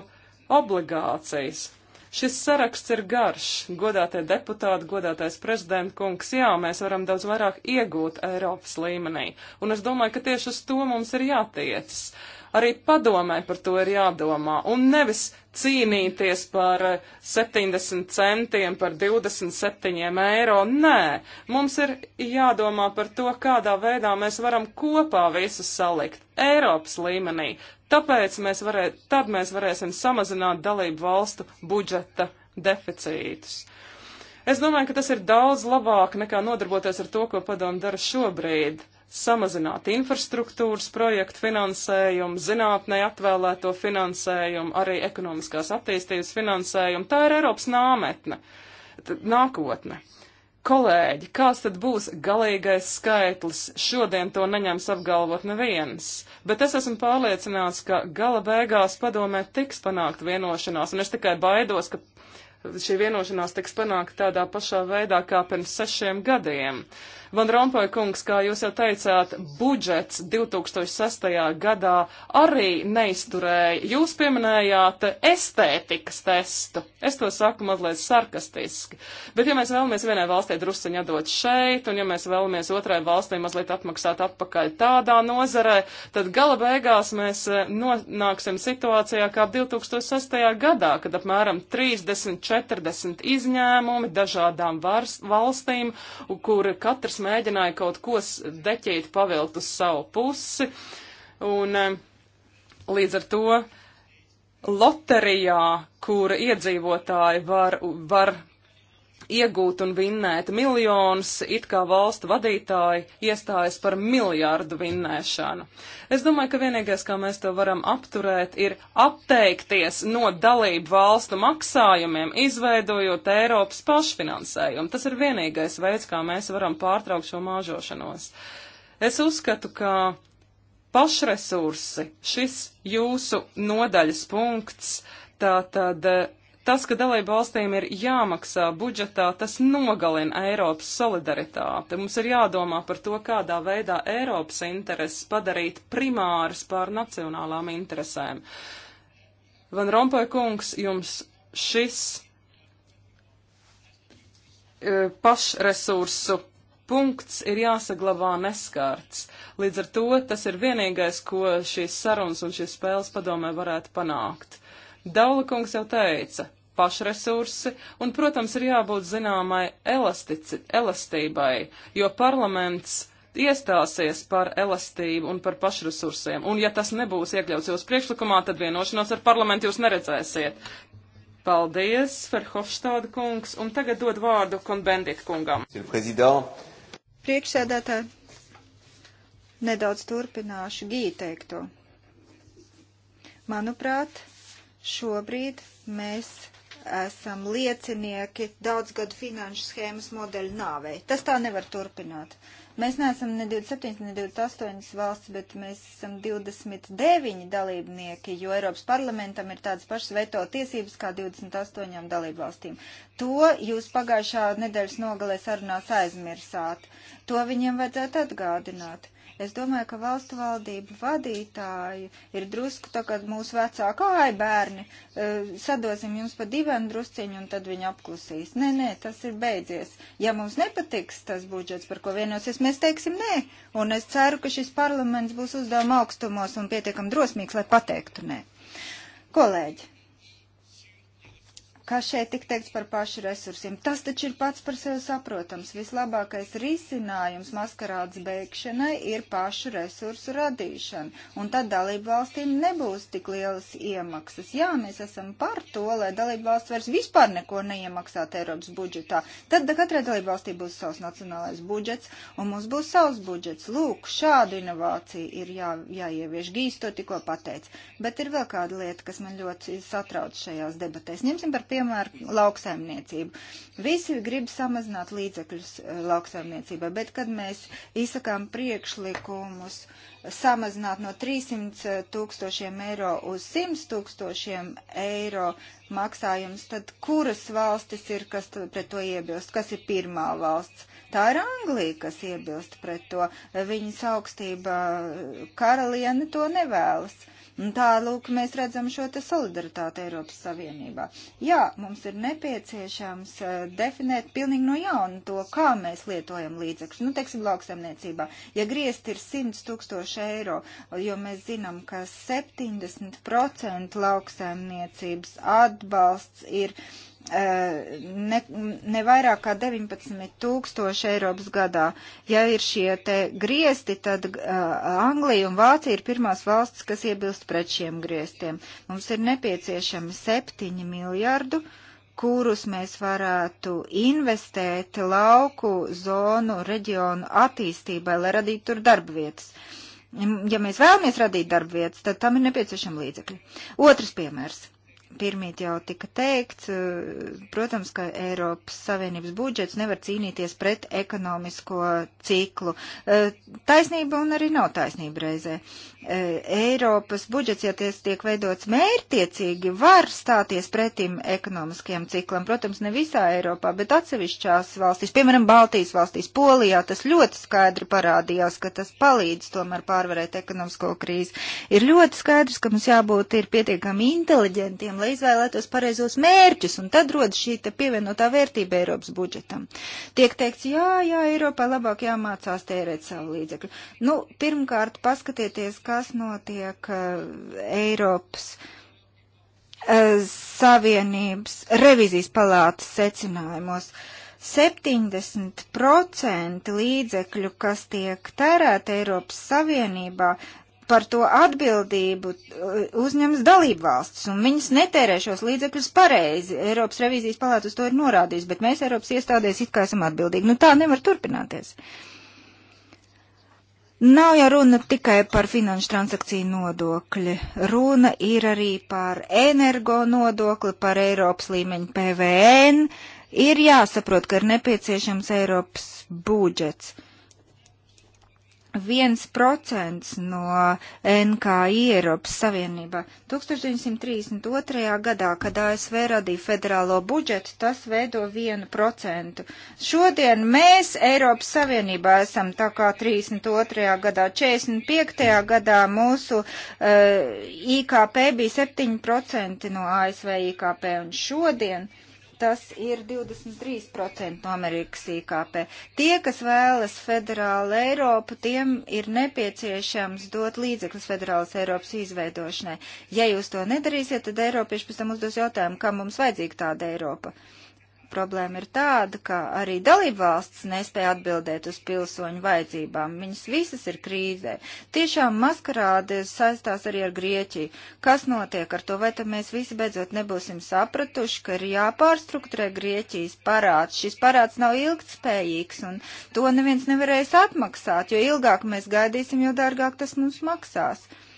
obligācijas. Šis saraksts ir garš. Godātie deputāti, godātais prezidenta kungs, jā, mēs varam daudz vairāk iegūt Eiropas līmenī. Un es domāju, ka tieši uz to mums ir jātiecas. Arī padomē par to ir jādomā un nevis cīnīties par 70 eh, centiem, par 27 eiro. Nē, mums ir jādomā par to, kādā veidā mēs varam kopā visus salikt Eiropas līmenī. Tāpēc mēs, varē, tad mēs varēsim samazināt dalību valstu budžeta deficītus. Es domāju, ka tas ir daudz labāk nekā nodarboties ar to, ko padomu dara šobrīd samazināt infrastruktūras projektu finansējumu, zinātnē atvēlēto finansējumu, arī ekonomiskās attīstības finansējumu. Tā ir Eiropas nāmetne, nākotne. Kolēģi, kāds tad būs galīgais skaitlis? Šodien to neņems apgalvot neviens, bet es esmu pārliecināts, ka gala beigās padomē tiks panākt vienošanās, un es tikai baidos, ka šī vienošanās tiks panākt tādā pašā veidā kā pirms sešiem gadiem. Uh, Van Rompuy kungs, kā jūs jau teicāt, budžets 2006. gadā arī neizturēja. Jūs pieminējāt estētikas testu. Es to saku mazliet sarkastiski. Bet ja mēs vēlamies vienai valstī drusciņu dot šeit, un ja mēs vēlamies otrai valstī mazliet atmaksāt atpakaļ tādā nozarē, tad gala beigās mēs eh, nonāksim situācijā kā 2006. gadā, kad apmēram 30, 40 izņēmumi dažādām valstīm, kur katrs mēģināja kaut ko deķīt pavilt uz savu pusi, un eh, līdz ar to loterijā, kur iedzīvotāji var, var iegūt un vinnēt miljonus, it kā valstu vadītāji iestājas par miljārdu vinnēšanu. Es domāju, ka vienīgais, kā mēs to varam apturēt, ir atteikties no dalību valstu maksājumiem, izveidojot Eiropas pašfinansējumu. Tas ir vienīgais veids, kā mēs varam pārtraukt šo māžošanos. Es uzskatu, ka pašresursi, šis jūsu nodaļas punkts, tā tad eh, Tas, ka dalību valstīm ir jāmaksā budžetā, tas nogalina Eiropas solidaritāti. Mums ir jādomā par to, kādā veidā Eiropas intereses padarīt primāras pār nacionālām interesēm. Van Rompuy kungs, jums šis e, pašresursu punkts ir jāsaglabā neskārts. Līdz ar to tas ir vienīgais, ko šīs sarunas un šīs spēles padomē varētu panākt. Daulakungs jau teica, pašresursi, un, protams, ir jābūt zināmai elastici, elastībai, jo parlaments iestāsies par elastību un par pašresursiem, un ja tas nebūs iekļauts jūsu priekšlikumā, tad vienošanos ar parlamentu jūs neredzēsiet. Paldies, Ferhofstāda kungs, un tagad dod vārdu konbendit kungam. Priekšsēdētāji, nedaudz turpināšu gī teikto. Manuprāt, Šobrīd mēs esam liecinieki daudzgadu finanšu schēmas modeļu nāvei. Tas tā nevar turpināt. Mēs neesam ne 27, ne 28 valsts, bet mēs esam 29 dalībnieki, jo Eiropas parlamentam ir tādas pašas veto tiesības kā 28 dalību valstīm. To jūs pagājušā nedēļas nogalē sarunās aizmirsāt. To viņiem vajadzētu atgādināt. Es domāju, ka valstu valdību vadītāji ir drusku tā, kad mūsu vecāki, ai, bērni, e, sadosim jums pa diviem drusciņu un tad viņi apklusīs. Nē, nē, tas ir beidzies. Ja mums nepatiks tas budžets, par ko vienosies, mēs teiksim nē. Un es ceru, ka šis parlaments būs uzdevuma augstumos un pietiekam drosmīgs, lai pateiktu nē. Kolēģi, Kā šeit tik teikts par pašu resursiem? Tas taču ir pats par sevi saprotams. Vislabākais risinājums maskarādas beigšanai ir pašu resursu radīšana. Un tad dalību valstīm nebūs tik lielas iemaksas. Jā, mēs esam par to, lai dalību valsts vairs vispār neko neiemaksātu Eiropas budžetā. Tad da, katrai dalību valstī būs savs nacionālais budžets, un mums būs savs budžets. Lūk, šāda inovācija ir jā, jāievieš. Gīs to tikko pateica. Bet ir vēl kāda lieta, kas man ļoti satrauc šajās debatēs. Ņemsim par piemēram, lauksaimniecību. Visi grib samazināt līdzekļus eh, lauksaimniecībai, bet kad mēs izsakām priekšlikumus samazināt no 300 eh, tūkstošiem eiro uz 100 tūkstošiem eiro maksājums, tad kuras valstis ir, kas pret to iebilst, kas ir pirmā valsts? Tā ir Anglija, kas iebilst pret to. Viņas augstība karaliene to nevēlas. Tālūk, mēs redzam šo te solidaritāti Eiropas Savienībā. Jā, mums ir nepieciešams uh, definēt pilnīgi no jauna to, kā mēs lietojam līdzekļus. Nu, teiksim, lauksaimniecībā. Ja griezt ir 100 tūkstoši eiro, jo mēs zinām, ka 70% lauksaimniecības atbalsts ir. Uh, ne, ne vairāk kā 19 tūkstoši Eiropas gadā. Ja ir šie te griesti, tad uh, Anglija un Vācija ir pirmās valstis, kas iebilst pret šiem griestiem. Mums ir nepieciešami 7 miljardu kurus mēs varētu investēt lauku zonu reģionu attīstībai, lai radītu tur darbvietas. Ja mēs vēlamies radīt darbvietas, tad tam ir nepieciešami līdzekļi. Otrs piemērs pirmīt jau tika teikts, eh, protams, ka Eiropas Savienības budžets nevar cīnīties pret ekonomisko ciklu. Eh, taisnība un arī nav taisnība reizē. Eh, Eiropas budžets, ja ties tiek veidots mērtiecīgi, var stāties pretim ekonomiskajam ciklam. Protams, ne visā Eiropā, bet atsevišķās valstīs, piemēram, Baltijas valstīs, Polijā, tas ļoti skaidri parādījās, ka tas palīdz tomēr pārvarēt ekonomisko krīzi. Ir ļoti skaidrs, ka mums jābūt ir pietiekami inteliģentiem, lai izvēlētos pareizos mērķus, un tad rodas šī pievienotā vērtība Eiropas budžetam. Tiek teikts, jā, jā, Eiropā labāk jāmācās tērēt savu līdzekļu. Nu, pirmkārt, paskatieties, kas notiek uh, Eiropas. Uh, Savienības revizijas palātas secinājumos. Uh, 70% līdzekļu, kas tiek tērēta Eiropas Savienībā, par to atbildību uh, uzņemas dalību valstis, un viņas netērē šos līdzekļus pareizi. Eiropas revīzijas palāta uz to ir norādījusi, bet mēs Eiropas iestādēs it kā esam atbildīgi. Nu tā nevar turpināties. Nav jau runa tikai par finanšu transakciju nodokļu. Runa ir arī par energo nodokli, par Eiropas līmeņu PVN. Ir jāsaprot, ka ir nepieciešams Eiropas budžets viens procents no NKI Eiropas Savienībā. 1932. gadā, kad ASV radīja federālo budžetu, tas veido vienu procentu. Šodien mēs Eiropas Savienībā esam tā kā 32. gadā, 45. gadā mūsu uh, eh, IKP bija 7% no ASV IKP un šodien. Uh, tas ir 23% no Amerikas IKP. Tie, kas vēlas federālu Eiropu, tiem ir nepieciešams dot līdzekļus federālas Eiropas izveidošanai. Ja jūs to nedarīsiet, tad Eiropieši pēc tam uzdos jautājumu, kam mums vajadzīga tāda Eiropa problēma ir tāda, ka arī dalībvalsts nespēja atbildēt uz pilsoņu vajadzībām. Viņas visas ir krīzē. Tiešām maskarāde saistās arī ar Grieķiju. Kas notiek ar to? Vai tad mēs visi beidzot nebūsim sapratuši, ka ir jāpārstrukturē Grieķijas parāds? Šis parāds nav ilgtspējīgs un to neviens nevarēs atmaksāt, jo ilgāk mēs gaidīsim, jo dārgāk tas mums maksās. Thank you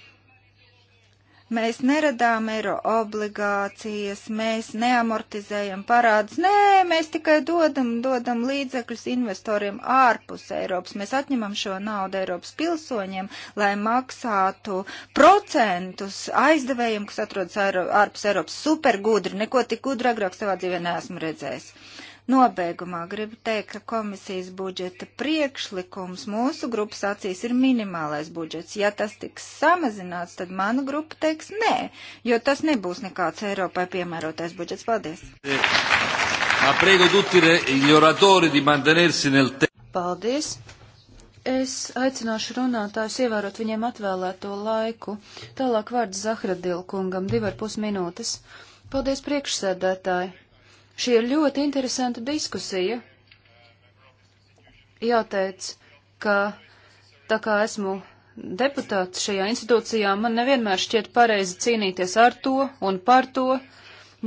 Mēs neradām eiro obligācijas, mēs neamortizējam parādus. Nē, mēs tikai dodam, dodam līdzekļus investoriem ārpus Eiropas. Mēs atņemam šo naudu Eiropas pilsoņiem, lai maksātu procentus aizdevējiem, kas atrodas ārpus Eiropas. Super gudri, neko tik gudri agrāk savā dzīvē neesmu redzējis. Uh, Nobeigumā gribu teikt, ka komisijas budžeta priekšlikums mūsu grupas acīs ir minimālais budžets. Ja tas tiks samazināts, tad mana grupa teiks nē, jo tas nebūs nekāds Eiropai piemērotais budžets. Paldies! Paldies! Es aicināšu runātājus ievērot viņiem atvēlēto laiku. Tālāk vārds Zahradil kungam, divar pus minūtes. Paldies priekšsēdētāji! Šī ir ļoti interesanta diskusija. Jāteic, ka tā kā esmu deputāts šajā institūcijā, man nevienmēr šķiet pareizi cīnīties ar to un par to,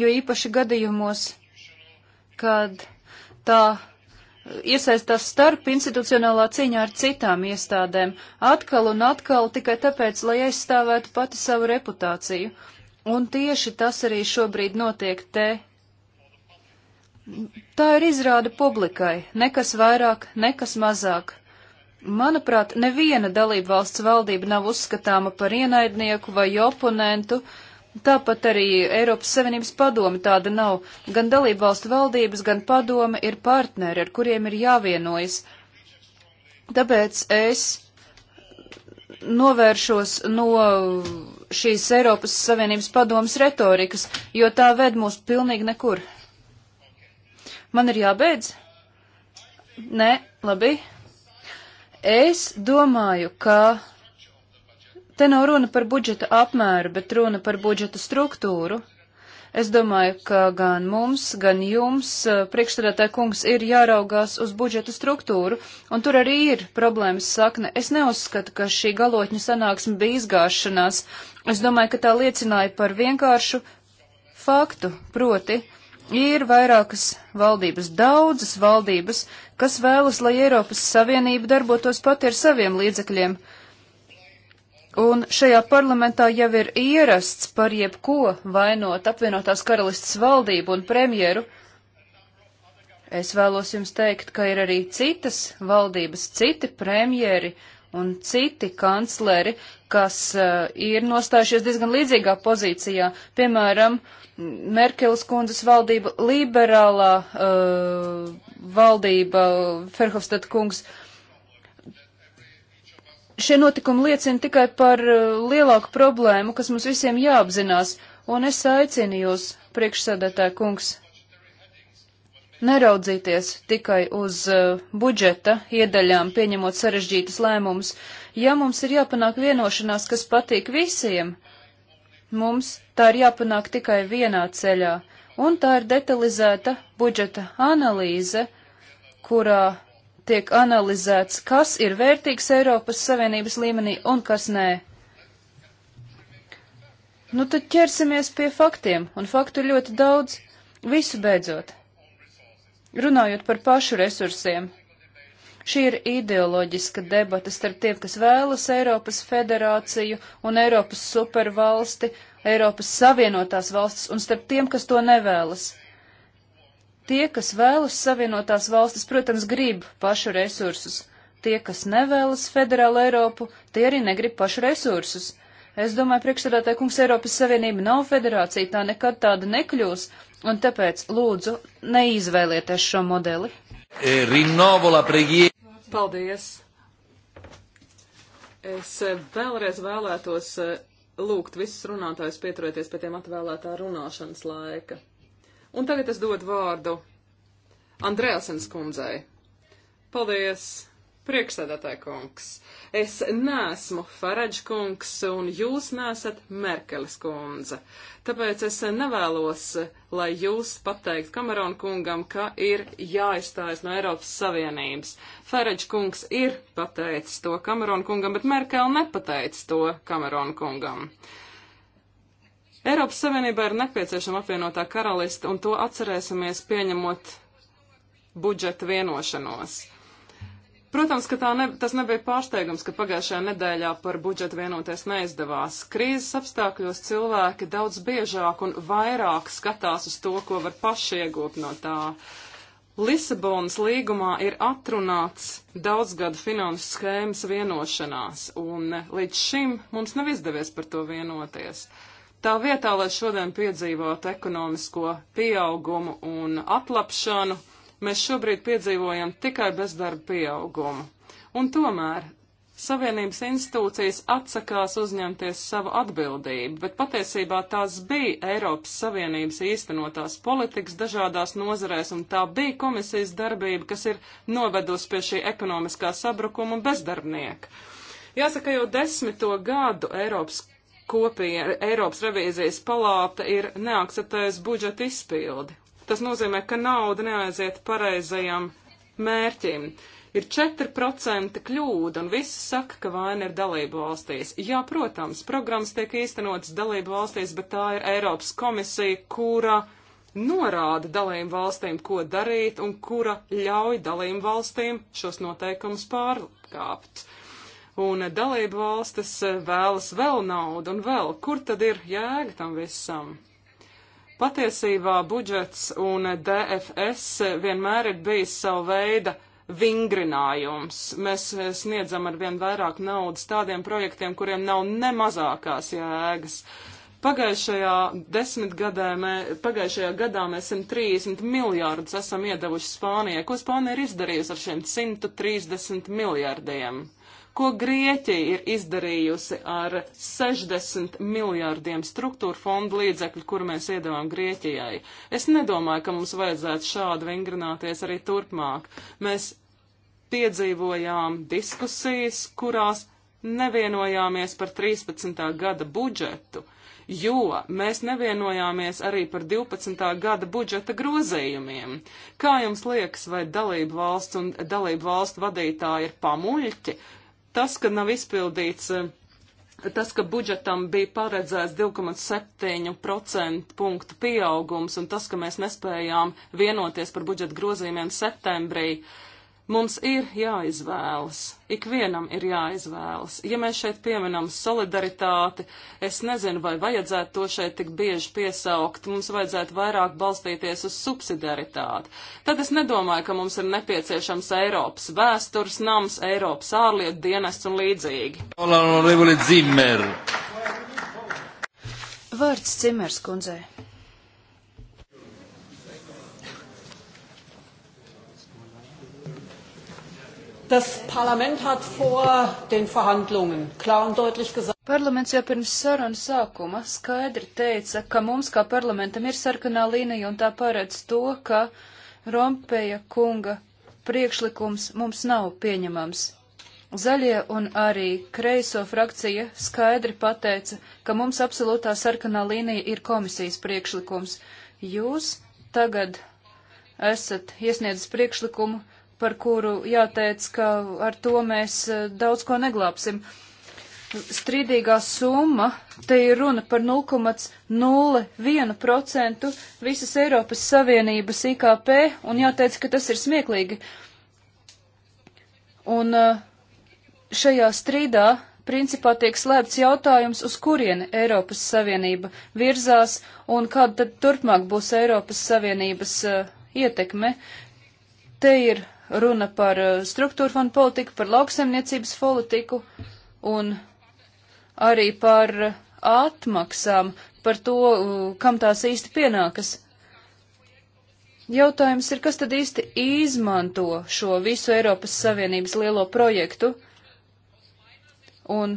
jo īpaši gadījumos, kad tā iesaistās starp institucionālā cīņā ar citām iestādēm, atkal un atkal tikai tāpēc, lai aizstāvētu pati savu reputāciju. Un tieši tas arī šobrīd notiek te Tā ir izrāda publikai, nekas vairāk, nekas mazāk. Manuprāt, neviena dalība valsts valdība nav uzskatāma par ienaidnieku vai oponentu, tāpat arī Eiropas Savienības padome tāda nav. Gan dalība valstu valdības, gan padome ir partneri, ar kuriem ir jāvienojas. Tāpēc es novēršos no šīs Eiropas Savienības padomas retorikas, jo tā ved mūs pilnīgi nekur. Man ir jābeidz? Nē, labi. Es domāju, ka te nav runa par budžeta apmēru, bet runa par budžeta struktūru. Es domāju, ka gan mums, gan jums, eh, priekšstādātāja kungs, ir jāraugās uz budžeta struktūru, un tur arī ir problēmas sakne. Es neuzskatu, ka šī galotņa sanāksme bija izgāšanās. Es domāju, ka tā liecināja par vienkāršu faktu, proti, uh, Ir vairākas valdības, daudzas valdības, kas vēlas, lai Eiropas Savienība darbotos pati ar saviem līdzekļiem. Un šajā parlamentā jau ir ierasts par jebko vainot apvienotās karalistas valdību un premjeru. Es vēlos jums teikt, ka ir arī citas valdības, citi premjeri, uh, un citi kancleri, kas uh, ir nostājušies diezgan līdzīgā pozīcijā. Piemēram, Merkels kundzes valdība, liberālā uh, valdība, Ferhofstad kungs. Šie notikumi liecina tikai par uh, lielāku problēmu, kas mums visiem jāapzinās, un es aicinu jūs, priekšsēdētāja kungs, Neraudzīties tikai uz uh, budžeta iedaļām, pieņemot sarežģītas lēmumus, ja mums ir jāpanāk vienošanās, kas patīk visiem, mums tā ir jāpanāk tikai vienā ceļā, un tā ir detalizēta budžeta analīze, kurā tiek analizēts, kas ir vērtīgs Eiropas Savienības līmenī un kas nē. Nu tad ķersimies pie faktiem, un faktu ļoti daudz, visu beidzot. Runājot par pašu resursiem, šī ir ideoloģiska debata starp tiem, kas vēlas Eiropas federāciju un Eiropas supervalsti, Eiropas savienotās valstis, un starp tiem, kas to nevēlas. Tie, kas vēlas savienotās valstis, protams, grib pašu resursus. Tie, kas nevēlas federālu Eiropu, tie arī negrib pašu resursus. Es domāju, priekšstādātāja kungs, Eiropas Savienība nav federācija, tā nekad tāda nekļūs, Un tāpēc lūdzu neizvēlieties šo modeli. E, Paldies! Es e, vēlreiz vēlētos e, lūgt visus runātājus pieturēties pie tiem atvēlētā runāšanas laika. Un tagad es dodu vārdu Andrēsens kundzei. Paldies! Prieksēdētāji kungs, es neesmu Faradž kungs un jūs nesat Merkeles kundze. Tāpēc es nevēlos, lai jūs pateikt Kamerona kungam, ka ir jāizstājas no Eiropas Savienības. Faradž kungs ir pateicis to Kamerona kungam, bet Merkele nepateicis to Kamerona kungam. Eiropas Savienībā ir nepieciešama apvienotā karalista, un to atcerēsimies pieņemot budžeta vienošanos. Protams, ka tā ne, tas nebija pārsteigums, ka pagājušajā nedēļā par budžetu vienoties neizdevās. Krīzes apstākļos cilvēki daudz biežāk un vairāk skatās uz to, ko var paši iegūt no tā. Lisabonas līgumā ir atrunāts daudzgada finanses schēmas vienošanās, un līdz šim mums nav izdevies par to vienoties. Tā vietā, lai šodien piedzīvotu ekonomisko pieaugumu un atlapšanu, Mēs šobrīd piedzīvojam tikai bezdarba pieaugumu. Un tomēr Savienības institūcijas atsakās uzņemties savu atbildību, bet patiesībā tās bija Eiropas Savienības īstenotās politikas dažādās nozarēs, un tā bija komisijas darbība, kas ir novedusi pie šī ekonomiskā sabrukuma un bezdarbnieka. Jāsaka, jau desmito gadu Eiropas kopija, Eiropas revīzijas palāta ir neakceptējusi budžeta izpildi, Tas nozīmē, ka nauda neaiziet pareizajam mērķim. Ir 4% kļūda, un visi saka, ka vaina ir dalību valstīs. Jā, protams, programmas tiek īstenotas dalību valstīs, bet tā ir Eiropas komisija, kura norāda dalību valstīm, ko darīt, un kura ļauj dalību valstīm šos noteikumus pārkāpt un dalību valstis eh, vēlas vēl naudu un vēl, kur tad ir jēga tam visam? Patiesībā budžets un DFS vienmēr ir bijis savu veidu vingrinājums. Mēs sniedzam ar vien vairāk naudas tādiem projektiem, kuriem nav ne mazākās jēgas. Pagājušajā desmitgadē, mē, pagājušajā gadā mēs 130 miljārdus esam iedevuši Spānijai. Ko Spānija ir izdarījusi ar šiem 130 miljārdiem? Ko Grieķija ir izdarījusi ar 60 miljārdiem struktūra fondu līdzekļu, kur mēs iedavām Grieķijai? Es nedomāju, ka mums vajadzētu šādi vingrināties arī turpmāk. Mēs piedzīvojām diskusijas, kurās nevienojāmies par 13. gada budžetu, jo mēs nevienojāmies arī par 12. gada budžeta grozējumiem. Kā jums liekas, vai dalību valsts un dalību valstu vadītāji ir pamuļķi, Tas, ka nav izpildīts, eh, tas, ka budžetam bija paredzēts 2,7% punktu pieaugums un tas, ka mēs nespējām vienoties par budžeta grozījumiem septembrī, uh, Mums ir jāizvēlas, ikvienam ir jāizvēlas. Ja mēs šeit pieminam solidaritāti, es nezinu, vai vajadzētu to šeit tik bieži piesaukt, mums vajadzētu vairāk balstīties uz subsidiaritāti. Tad es nedomāju, ka mums ir nepieciešams Eiropas vēstures nams, Eiropas ārlietu dienests un līdzīgi. Vārds Cimers kundzei. Tas parlament hat vor den Verhandlungen klar un deutlich gesagt. Parlaments jau pirms sarunas sākuma skaidri teica, ka mums kā parlamentam ir sarkanā līnija un tā paredz to, ka Rompeja kunga priekšlikums mums nav pieņemams. Zaļie un arī kreiso frakcija skaidri pateica, ka mums absolūtā sarkanā līnija ir komisijas priekšlikums. Jūs tagad esat iesniedzis priekšlikumu par kuru jāteic, ka ar to mēs eh, daudz ko neglāpsim. Strīdīgā summa, te ir runa par 0,01% visas Eiropas Savienības IKP, un jāteic, ka tas ir smieklīgi. Un eh, šajā strīdā principā tiek slēpts jautājums, uz kurieni Eiropas Savienība virzās un kāda tad turpmāk būs Eiropas Savienības uh, ietekme. Te ir runa par uh, struktūra fondu politiku, par lauksaimniecības politiku un arī par atmaksām, par to, uh, kam tās īsti pienākas. Jautājums ir, kas tad īsti izmanto šo visu Eiropas Savienības lielo projektu? Un,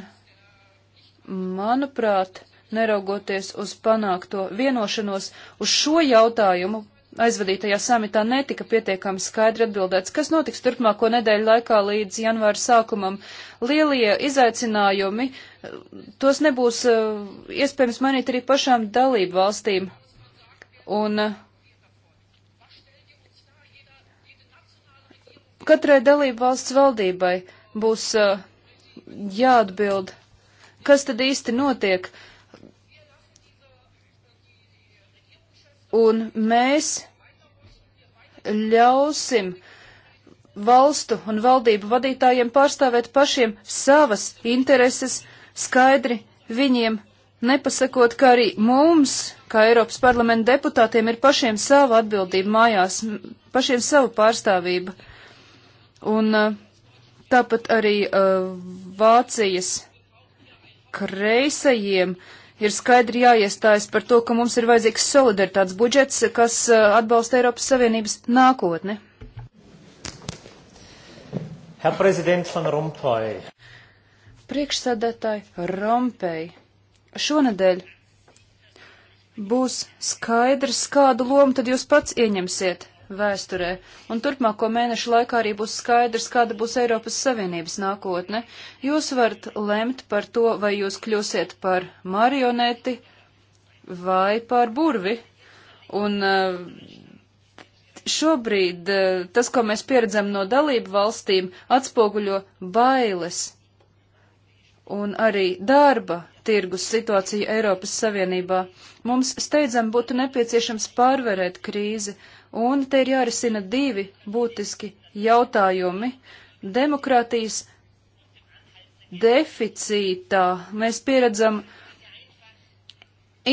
manuprāt, neraugoties uz panākto vienošanos, uz šo jautājumu aizvadītajā samitā netika pietiekami skaidri atbildēts, kas notiks turpmāko nedēļu laikā līdz janvāra sākumam. Lielie izaicinājumi, tos nebūs eh, iespējams mainīt arī pašām dalību valstīm. Un eh, katrai dalību valsts valdībai būs eh, jāatbild, kas tad īsti notiek. Uh, un mēs ļausim valstu un valdību vadītājiem pārstāvēt pašiem savas intereses skaidri viņiem, nepasakot, ka arī mums, kā Eiropas parlamenta deputātiem, ir pašiem sava atbildība mājās, pašiem sava pārstāvība. Un uh, tāpat arī uh, Vācijas kreisajiem uh, ir skaidri jāiestājas par to, ka mums ir vajadzīgs solidaritātes budžets, kas eh, atbalsta Eiropas Savienības nākotni. Herr Präsident van Rompuy. Priekšsēdētāji Rompei. Šonadēļ būs skaidrs, kādu lomu tad jūs pats ieņemsiet vēsturē. Un turpmāko mēnešu laikā arī būs skaidrs, kāda būs Eiropas Savienības nākotne. Jūs varat lemt par to, vai jūs kļūsiet par marioneti vai par burvi. Un eh, šobrīd eh, tas, ko mēs pieredzam no dalību valstīm, atspoguļo bailes un arī darba tirgus situācija Eiropas Savienībā. Mums steidzam būtu nepieciešams pārvarēt krīzi, Un te ir jārisina divi būtiski jautājumi. Demokrātijas deficītā mēs pieredzam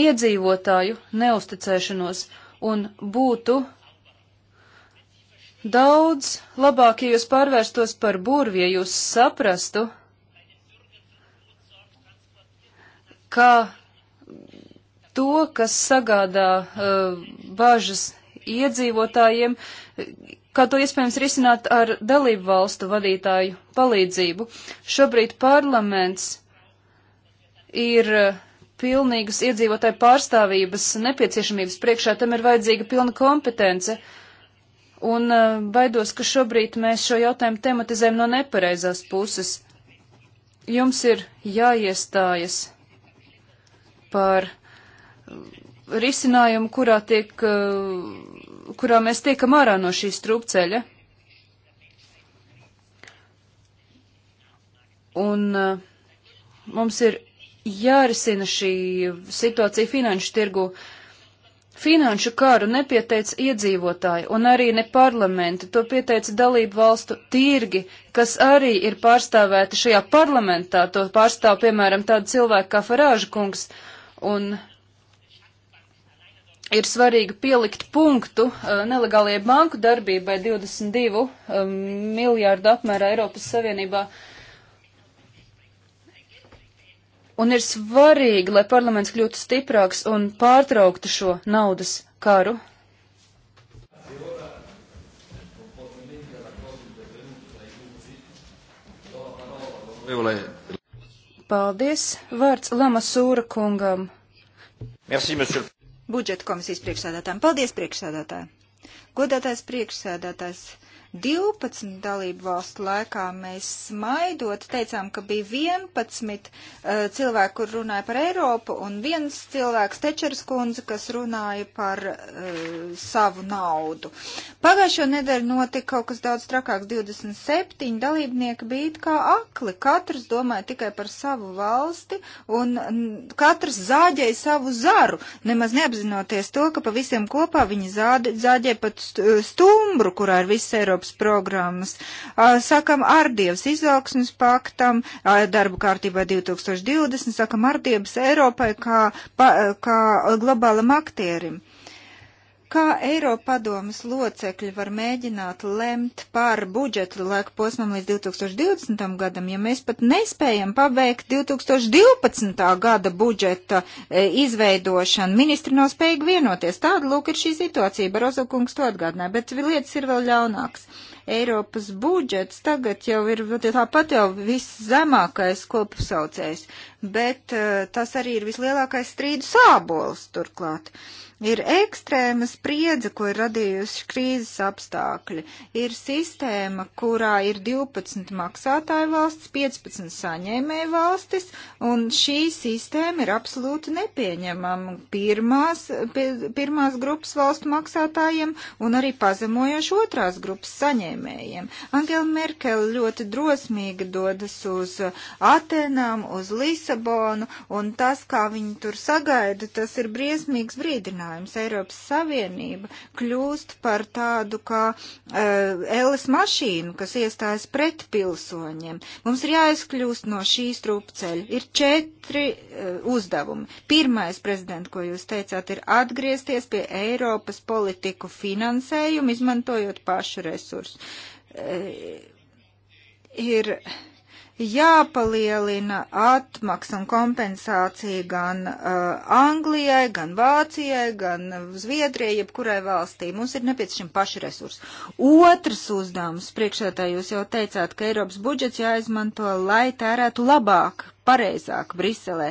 iedzīvotāju neusticēšanos un būtu daudz labāk, ja jūs pārvērstos par burvi, ja jūs saprastu, kā ka to, kas sagādā uh, bažas iedzīvotājiem, kā to iespējams risināt ar dalību valstu vadītāju palīdzību. Šobrīd parlaments ir e, pilnīgas iedzīvotāju pārstāvības nepieciešamības priekšā, tam ir vajadzīga pilna kompetence. Un e, baidos, ka šobrīd mēs šo jautājumu tematizējam no nepareizās puses. Jums ir jāiestājas par risinājumu, kurā tiek uh, kurā mēs tiekam ārā no šī strupceļa. Un uh, mums ir jārisina šī situācija finanšu tirgu. Finanšu kāru nepieteica iedzīvotāji un arī ne parlamenti, to pieteica dalību valstu tirgi, kas arī ir pārstāvēti šajā parlamentā, to pārstāv piemēram tāda cilvēka kā Farāža kungs, un ir svarīgi pielikt punktu uh, nelegālajai banku darbībai 22 um, miljārdu apmērā Eiropas Savienībā. Un ir svarīgi, lai parlaments kļūtu stiprāks un pārtrauktu šo naudas karu. Paldies. Vārds Lama Sūra kungam. Merci, monsieur budžeta komisijas priekšsēdētājiem. Paldies, priekšsēdētāji! Godātais priekšsēdētājs! 12 dalību valstu laikā mēs smaidot teicām, ka bija 11 uh, cilvēki, kur runāja par Eiropu, un viens cilvēks, Tečers kundze, kas runāja par uh, savu naudu. Pagājušo nedēļu notika kaut kas daudz trakāks. 27 dalībnieki bija it kā akli, katrs domāja tikai par savu valsti, un katrs zāģēja savu zaru, nemaz neapzinoties to, ka pa visiem kopā viņi zāģēja pat stumbru, kurā ir viss Eiropa. Eiropas programmas. Sakam ārdievas izaugsmas paktam, darba kārtībā 2020, sakam ārdievas Eiropai kā, kā globālam aktierim. Kā Eiropadomas locekļi var mēģināt lemt par budžetu laika posmam līdz 2020. gadam, ja mēs pat nespējam pabeigt 2012. gada budžeta e, izveidošanu? Ministri nav spējīgi vienoties. Tāda lūk ir šī situācija. Barozo kungs to atgādināja, bet lietas ir vēl ļaunākas. Eiropas budžets tagad jau ir tāpat jau viszemākais kopsaucējs, bet e, tas arī ir vislielākais strīdu sābols turklāt. Uh, Ir ekstrēma spriedze, ko ir radījusi krīzes apstākļi. Ir sistēma, kurā ir 12 maksātāju valsts, 15 saņēmēju valstis, un šī sistēma ir absolūti nepieņemama pirmās, pirmās grupas valstu maksātājiem un arī pazemojoši otrās grupas saņēmējiem. Angela Merkel ļoti drosmīgi dodas uz Atenām, uz Lisabonu, un tas, kā viņi tur sagaida, tas ir briesmīgs brīdinājums risinājums. Eiropas Savienība kļūst par tādu kā uh, eh, Elles mašīnu, kas iestājas pret pilsoņiem. Mums ir jāizkļūst no šīs trūpceļa. Ir četri uh, uzdevumi. Pirmais, prezident, ko jūs teicāt, ir atgriezties pie Eiropas politiku finansējumu, izmantojot pašu resursus. Uh, ir jāpalielina atmaksa un kompensācija gan uh, Anglijai, gan Vācijai, gan Zviedrijai, jebkurai valstī. Mums ir nepieciešami paši resursi. Otrs uzdevums priekšētā jūs jau teicāt, ka Eiropas budžets jāizmanto, lai tērētu labāk pareizāk Briselē.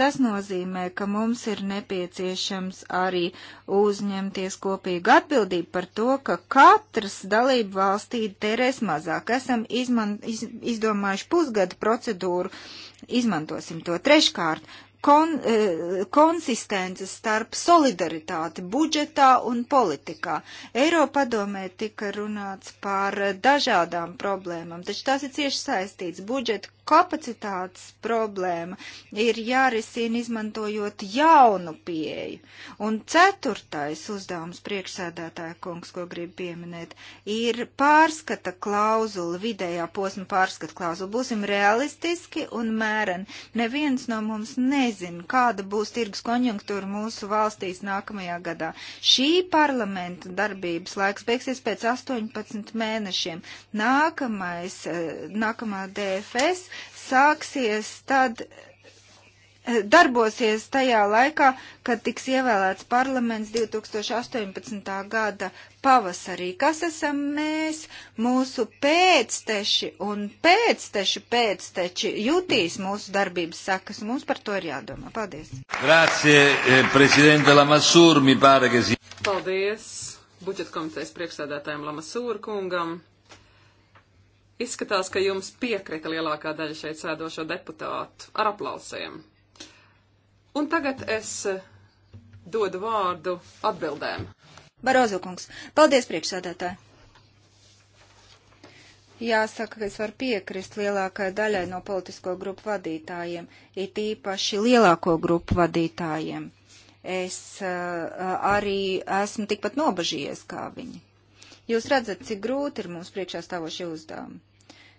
Tas nozīmē, ka mums ir nepieciešams arī uzņemties kopīgu atbildību par to, ka katrs dalību valstī tērēs mazāk. Esam izman, iz, izdomājuši pusgada procedūru, izmantosim to treškārt kon, e, konsistences starp solidaritāti budžetā un politikā. Eiropadomē tika runāts par dažādām problēmām, taču tās ir cieši saistīts. Budžeta kapacitātes problēma ir jārisina izmantojot jaunu pieeju. Un ceturtais uzdevums priekšsēdētāja kungs, ko grib pieminēt, ir pārskata klauzula, vidējā posma pārskata klauzula. Būsim realistiski un mēreni. Neviens no mums ne nezina, kāda būs tirgus konjunktūra mūsu valstīs nākamajā gadā. Šī parlamenta darbības laiks beigsies pēc 18 mēnešiem. Nākamais, eh, nākamā DFS sāksies tad darbosies tajā laikā, kad tiks ievēlēts parlaments 2018. gada pavasarī. Kas esam mēs? Mūsu pēcteši un pēcteši pēcteči jutīs mūsu darbības sakas. Mums par to ir jādomā. Paldies. Grazie, eh, prezidente Lamassur, mi pare, ka esi. Paldies budžeta komitejas priekšsēdētājiem Lamasūra kungam. Izskatās, ka jums piekrita lielākā daļa šeit sēdošo deputātu ar aplausiem. Un tagad es eh, dodu vārdu atbildēm. Barozo kungs, paldies priekšsādātāji! Jāsaka, ka es varu piekrist lielākajai daļai no politisko grupu vadītājiem, it īpaši lielāko grupu vadītājiem. Es uh, arī esmu tikpat nobažījies kā viņi. Jūs redzat, cik grūti ir mums priekšā stāvošie uzdevumi.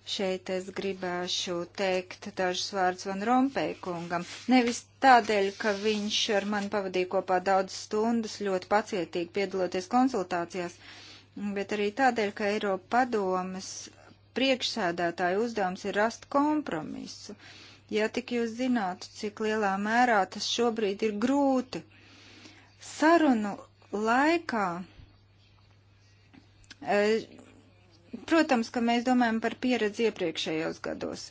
Šeit es gribēšu teikt dažus vārdus Van Rompēj kungam. Nevis tādēļ, ka viņš ar mani pavadīja kopā daudz stundas, ļoti pacietīgi piedaloties konsultācijās, bet arī tādēļ, ka Eiropa padomas priekšsēdētāju uzdevums ir rast kompromisu. Ja tik jūs zinātu, cik lielā mērā tas šobrīd ir grūti. Sarunu laikā eh, Protams, ka mēs domājam par pieredzi iepriekšējos gados.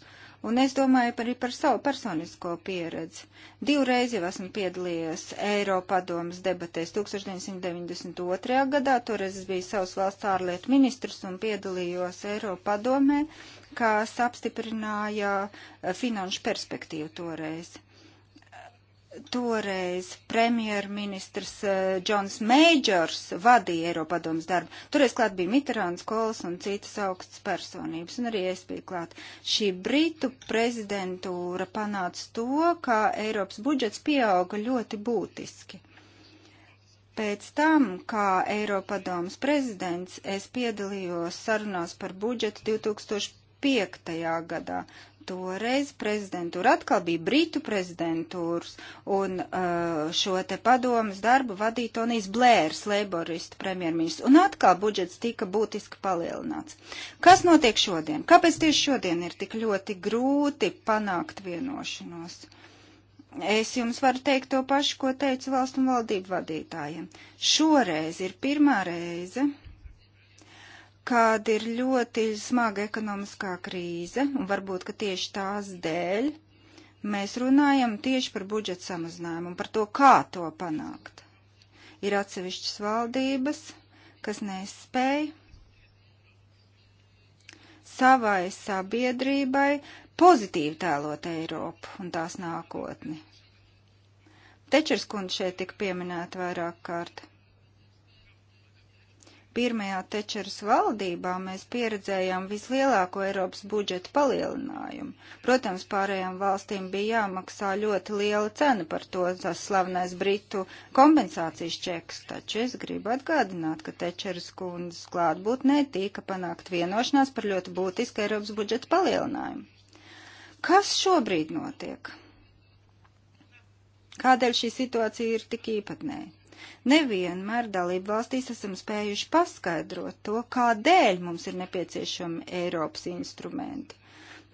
Un es domāju arī par savu personisko pieredzi. Divreiz jau esmu piedalījies Eiropadomas debatēs 1992. gadā, toreiz es biju savas valsts ārlietu ministrs un piedalījos Eiropadomē, kas apstiprināja finanšu perspektīvu toreiz toreiz premjerministrs Džons eh, uh, Meidžors vadīja Eiropadomas darbu. Toreiz klāt bija Mitterāns, Kols un citas augstas personības, un arī es biju klāt. Šī Britu prezidentūra panāca to, ka Eiropas budžets pieauga ļoti būtiski. Pēc tam, kā Eiropadomas prezidents, es piedalījos sarunās par budžetu 2005. gadā. Toreiz prezidentūra atkal bija Britu prezidentūras, un uh, šo te padomas darbu vadīja Tonijs Blērs, leiboristu premjerministrs, un atkal budžets tika būtiski palielināts. Kas notiek šodien? Kāpēc tieši šodien ir tik ļoti grūti panākt vienošanos? Es jums varu teikt to pašu, ko teicu valstu un valdību vadītājiem. Šoreiz ir pirmā reize kad ir ļoti smaga ekonomiskā krīze, un varbūt, ka tieši tās dēļ mēs runājam tieši par budžeta samazinājumu un par to, kā to panākt. Ir atsevišķas valdības, kas nespēja savai sabiedrībai pozitīvi tēlot Eiropu un tās nākotni. Tečers kundze šeit tika pieminēta vairāk kārt. Pirmajā tečeras valdībā mēs pieredzējām vislielāko Eiropas budžeta palielinājumu. Protams, pārējām valstīm bija jāmaksā ļoti liela cena par to, tas slavenais Britu kompensācijas čeks, taču es gribu atgādināt, ka tečeras kundzes klātbūtnē tika panākt vienošanās par ļoti būtisku Eiropas budžeta palielinājumu. Kas šobrīd notiek? Kādēļ šī situācija ir tik īpatnēja? Nevienmēr dalību valstīs esam spējuši paskaidrot to, kādēļ mums ir nepieciešami Eiropas instrumenti.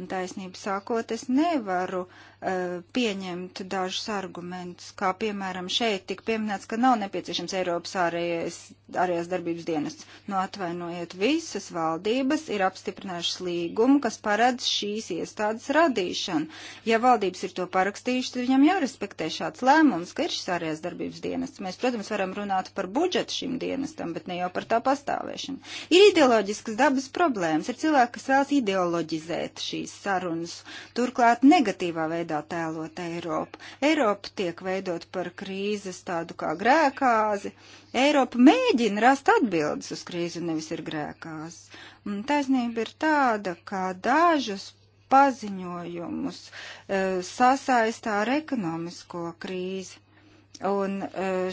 Un taisnību sākot, es nevaru uh, Eh, pieņemt dažus argumentus, kā piemēram šeit tik pieminēts, ka nav nepieciešams Eiropas ārējais, ārējās darbības dienests. Nu, atvainojiet, visas valdības ir apstiprinājušas līgumu, kas paredz šīs iestādes radīšanu. Ja valdības ir to parakstījušas, tad viņam jārespektē šāds lēmums, ka ir šis ārējās darbības dienests. Mēs, protams, varam runāt par budžetu šim dienestam, bet ne jau par tā pastāvēšanu. Ir ideoloģiskas dabas problēmas, ir cilvēki, kas vēlas ideoloģizēt šīs sarunas, turklāt negatīvā veidā veidā tēlot Eiropu. Eiropa tiek veidot par krīzes tādu kā grēkāzi. Eiropa mēģina rast atbildes uz krīzi, nevis ir grēkāzi. Un taisnība ir tāda, ka dažus paziņojumus e, sasaistā ar ekonomisko krīzi. Un e,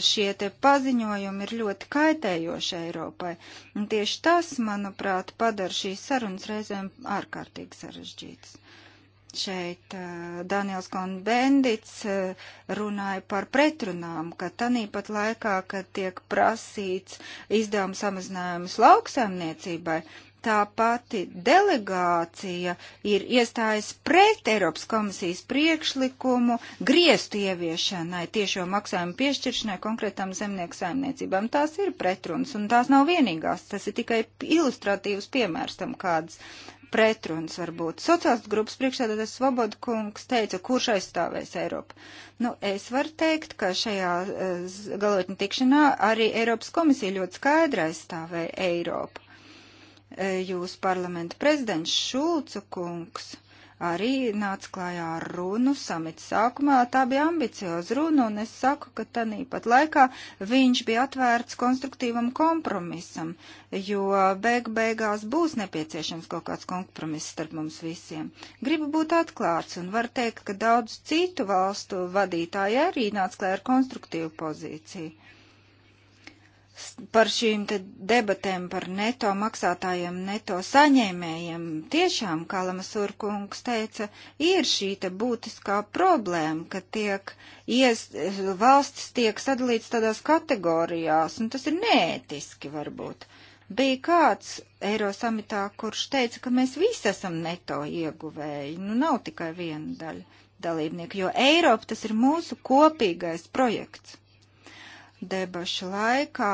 šie te paziņojumi ir ļoti kaitējoši Eiropai. Un tieši tas, manuprāt, padara šīs sarunas reizēm ārkārtīgi sarežģītas. Šeit uh, Daniels Konbendits uh, runāja par pretrunām, ka tanīpat laikā, kad tiek prasīts izdevuma samazinājums lauksaimniecībai, tā pati delegācija ir iestājas pret Eiropas komisijas priekšlikumu griestu ieviešanai tiešo maksājumu piešķiršanai konkrētām zemnieku saimniecībām. Tās ir pretrunas, un tās nav vienīgās. Tas ir tikai ilustratīvs piemērs tam, kādas pretruns varbūt. Sociālistu grupas priekšsēdētājs Svoboda kungs teica, kurš aizstāvēs Eiropu. Nu, es varu teikt, ka šajā uh, galotņa tikšanā arī Eiropas komisija ļoti skaidri aizstāvēja Eiropu. Uh, eh, Jūsu parlamenta prezidents Šulca kungs. Uh, arī nāca klājā ar runu samita sākumā. Tā bija ambicioza runa, un es saku, ka tanī pat laikā viņš bija atvērts konstruktīvam kompromisam, jo beig beigās būs nepieciešams kaut kāds kompromiss starp mums visiem. Gribu būt atklāts, un var teikt, ka daudz citu valstu vadītāji arī nāca klājā ar konstruktīvu pozīciju par šīm debatēm par neto maksātājiem, neto saņēmējiem, tiešām, kā Lamasur kungs teica, ir šī te būtiskā problēma, ka tiek ies, valstis tiek sadalīts tādās kategorijās, un tas ir neētiski varbūt. Bija kāds Eiro samitā, kurš teica, ka mēs visi esam neto ieguvēji, nu nav tikai viena daļa dalībnieku, jo Eiropa tas ir mūsu kopīgais projekts debašu laikā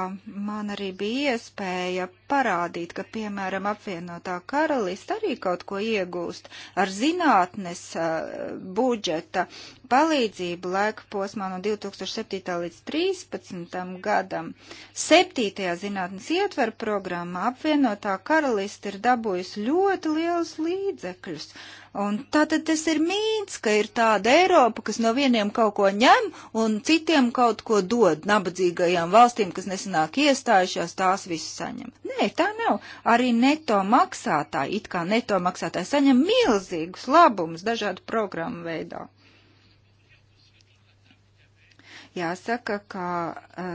man arī bija iespēja parādīt, ka, piemēram, apvienotā karalista arī kaut ko iegūst ar zinātnes uh, budžeta palīdzību laika posmā no 2007. līdz 2013. gadam. Septītajā zinātnes ietver programmā apvienotā karalista ir dabūjusi ļoti lielus līdzekļus. Un tātad tas ir mīts, ka ir tāda Eiropa, kas no vieniem kaut ko ņem un citiem kaut ko dod. Nabadzīgajām valstīm, kas nesenāk iestājušās, tās visu saņem. Nē, Nē, tā nav. Arī neto maksātāji, it kā neto maksātāji, saņem milzīgus labumus dažādu programmu veidā. Jāsaka, ka eh,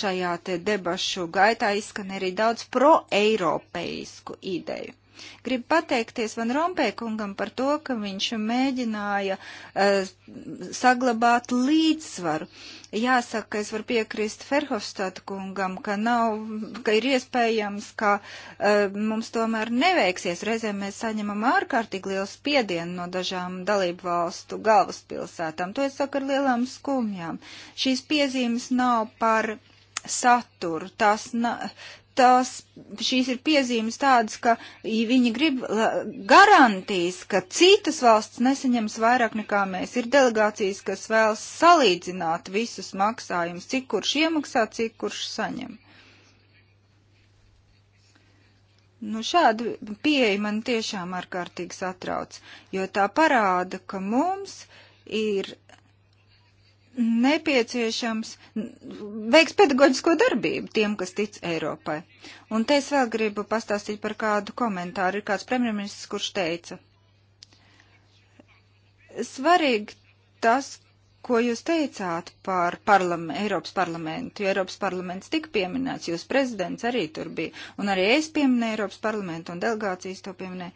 šajā te debašu gaitā izskan arī daudz pro-eiropeisku ideju. Gribu pateikties Van Rompēkungam par to, ka viņš mēģināja uh, saglabāt līdzsvaru. Jāsaka, ka es varu piekrist Ferhofstad kungam, ka nav, ka ir iespējams, ka uh, mums tomēr neveiksies. Reizēm mēs saņemam ārkārtīgi lielu spiedienu no dažām dalību valstu galvaspilsētām. To es saku ar lielām skumjām. Šīs piezīmes nav par saturu. Tās, na, tās, šīs ir piezīmes tādas, ka viņi grib garantīs, ka citas valsts nesaņems vairāk nekā mēs. Ir delegācijas, kas vēlas salīdzināt visus maksājumus, cik kurš iemaksā, cik kurš saņem. Nu, šāda pieeja man tiešām ārkārtīgi satrauc, jo tā parāda, ka mums ir nepieciešams veiks pedagoģisko darbību tiem, kas tic Eiropai. Un te es vēl gribu pastāstīt par kādu komentāru. Ir kāds premjerministrs, kurš teica, svarīgi tas, ko jūs teicāt par parlament, Eiropas parlamentu, jo Eiropas parlaments tika pieminēts, jūs prezidents arī tur bija, un arī es pieminēju Eiropas parlamentu, un delegācijas to pieminēja.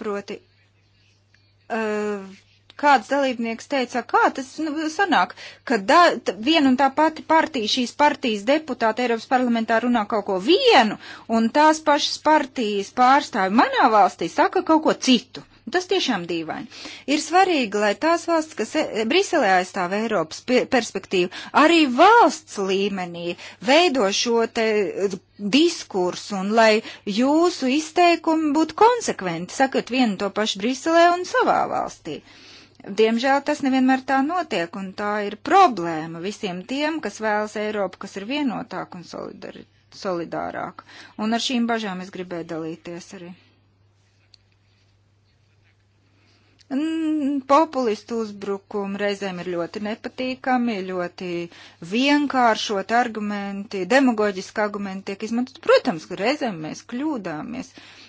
Proti, uh, kāds dalībnieks teica, kā tas nu, sanāk, ka da, viena un tā pati partija, šīs partijas deputāti Eiropas parlamentā runā kaut ko vienu, un tās pašas partijas pārstāvi manā valstī saka kaut ko citu. Tas tiešām dīvaini. Ir svarīgi, lai tās valsts, kas e, Briselē aizstāv Eiropas perspektīvu, arī valsts līmenī veido šo te e, diskursu un lai jūsu izteikumi būtu konsekventi, sakot vienu to pašu Briselē un savā valstī. Uh, Diemžēl tas nevienmēr tā notiek, un tā ir problēma visiem tiem, kas vēlas Eiropu, kas ir vienotāka un solidari, solidārāka. Un ar šīm bažām es gribēju dalīties arī. Populistu uzbrukumi reizēm ir ļoti nepatīkami, ļoti vienkāršot argumenti, demagoģiski argumenti tiek izmantot. Protams, ka reizēm mēs kļūdāmies. Uh,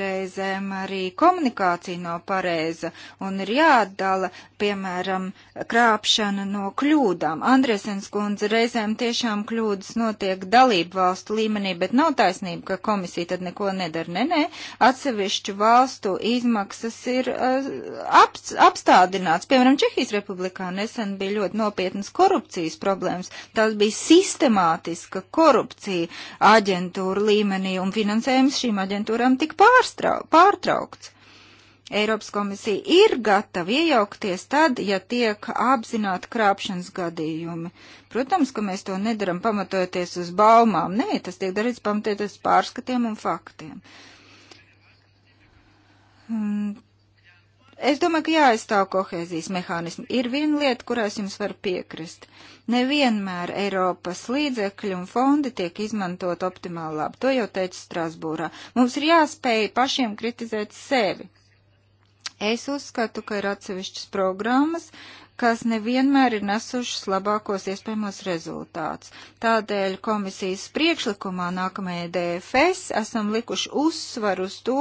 Reizēm arī komunikācija nav pareiza un ir jāatdala, piemēram, krāpšana no kļūdām. Andresens kundze, reizēm tiešām kļūdas notiek dalību valstu līmenī, bet nav taisnība, ka komisija tad neko nedara. Nē, nē, atsevišķu valstu izmaksas ir uh, eh, ap, apstādināts. Piemēram, Čehijas republikā nesen bija ļoti nopietnas korupcijas problēmas. Tās bija sistemātiska korupcija aģentūra līmenī un finansējums šīm aģentūrām tik pārtraukts. Eiropas komisija ir gatava iejaukties tad, ja tiek apzināti krāpšanas gadījumi. Protams, ka mēs to nedaram pamatojoties uz baumām. Nē, tas tiek darīts pamatojoties pārskatiem un faktiem. Es domāju, ka jāaizstāv kohēzijas mehānismi. Ir viena lieta, kurās jums var piekrist. Nevienmēr Eiropas līdzekļi un fondi tiek izmantot optimāli labi. To jau teicu Strasbūrā. Mums ir jāspēj pašiem kritizēt sevi. Es uzskatu, ka ir atsevišķas programmas, kas nevienmēr ir nesušas labākos iespējamos rezultātus. Tādēļ komisijas priekšlikumā nākamajai DFS esam likuši uzsvaru uz to,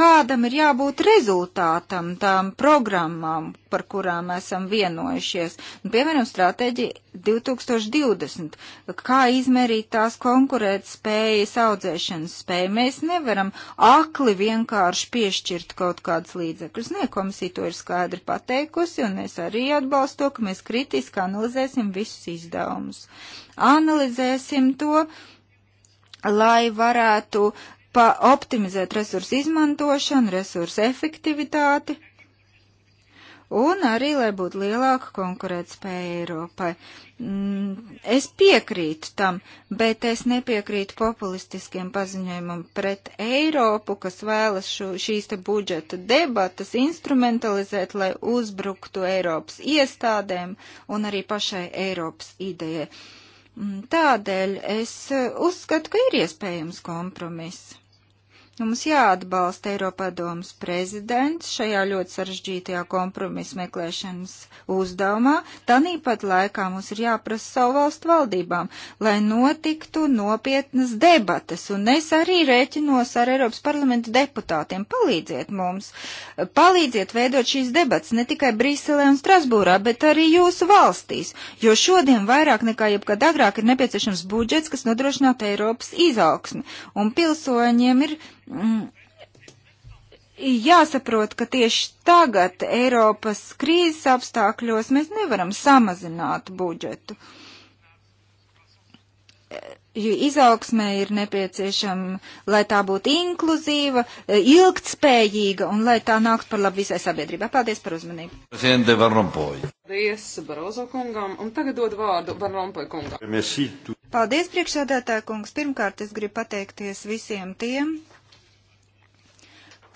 kādam ir jābūt rezultātam tām programmām, par kurām esam vienojušies. Nu, piemēram, stratēģija 2020. Kā izmērīt tās konkurēt spējas, audzēšanas spēju? Mēs nevaram akli vienkārši piešķirt kaut kādas līdzekļus. Nē, komisija to ir skaidri pateikusi, un es arī atbalstu to, ka mēs kritiski analizēsim visus izdevumus. Analizēsim to, lai varētu optimizēt resursu izmantošanu, resursu efektivitāti un arī, lai būtu lielāka konkurētspēja Eiropai. Mm, es piekrītu tam, bet es nepiekrītu populistiskiem paziņojumam pret Eiropu, kas vēlas šo, šīs te budžeta debatas instrumentalizēt, lai uzbruktu Eiropas iestādēm un arī pašai Eiropas idejai. Mm, tādēļ es eh, uzskatu, ka ir iespējams kompromiss. Mums jāatbalsta Eiropadomas prezidents šajā ļoti sarežģītajā kompromisa meklēšanas uzdevumā. Tanīpat laikā mums ir jāprasa savu valstu valdībām, lai notiktu nopietnas debatas. Un es arī rēķinos ar Eiropas parlamentu deputātiem. Palīdziet mums, palīdziet veidot šīs debatas ne tikai Brīselē un Strasbūrā, bet arī jūsu valstīs. Jo šodien vairāk nekā jebkad agrāk ir nepieciešams budžets, kas nodrošinātu Eiropas izaugsmi. Un pilsoņiem ir Mm, jāsaprot, ka tieši tagad Eiropas krīzes apstākļos mēs nevaram samazināt budžetu. E, jo izaugsmē ir nepieciešama, lai tā būtu inkluzīva, e, ilgtspējīga un lai tā nāktu par labu visai sabiedrībai. Paldies par uzmanību. Paldies Barozo kungam un tagad dod vārdu Van Rompuy kungam. Paldies priekšsēdētāja kungs. Pirmkārt es gribu pateikties visiem tiem,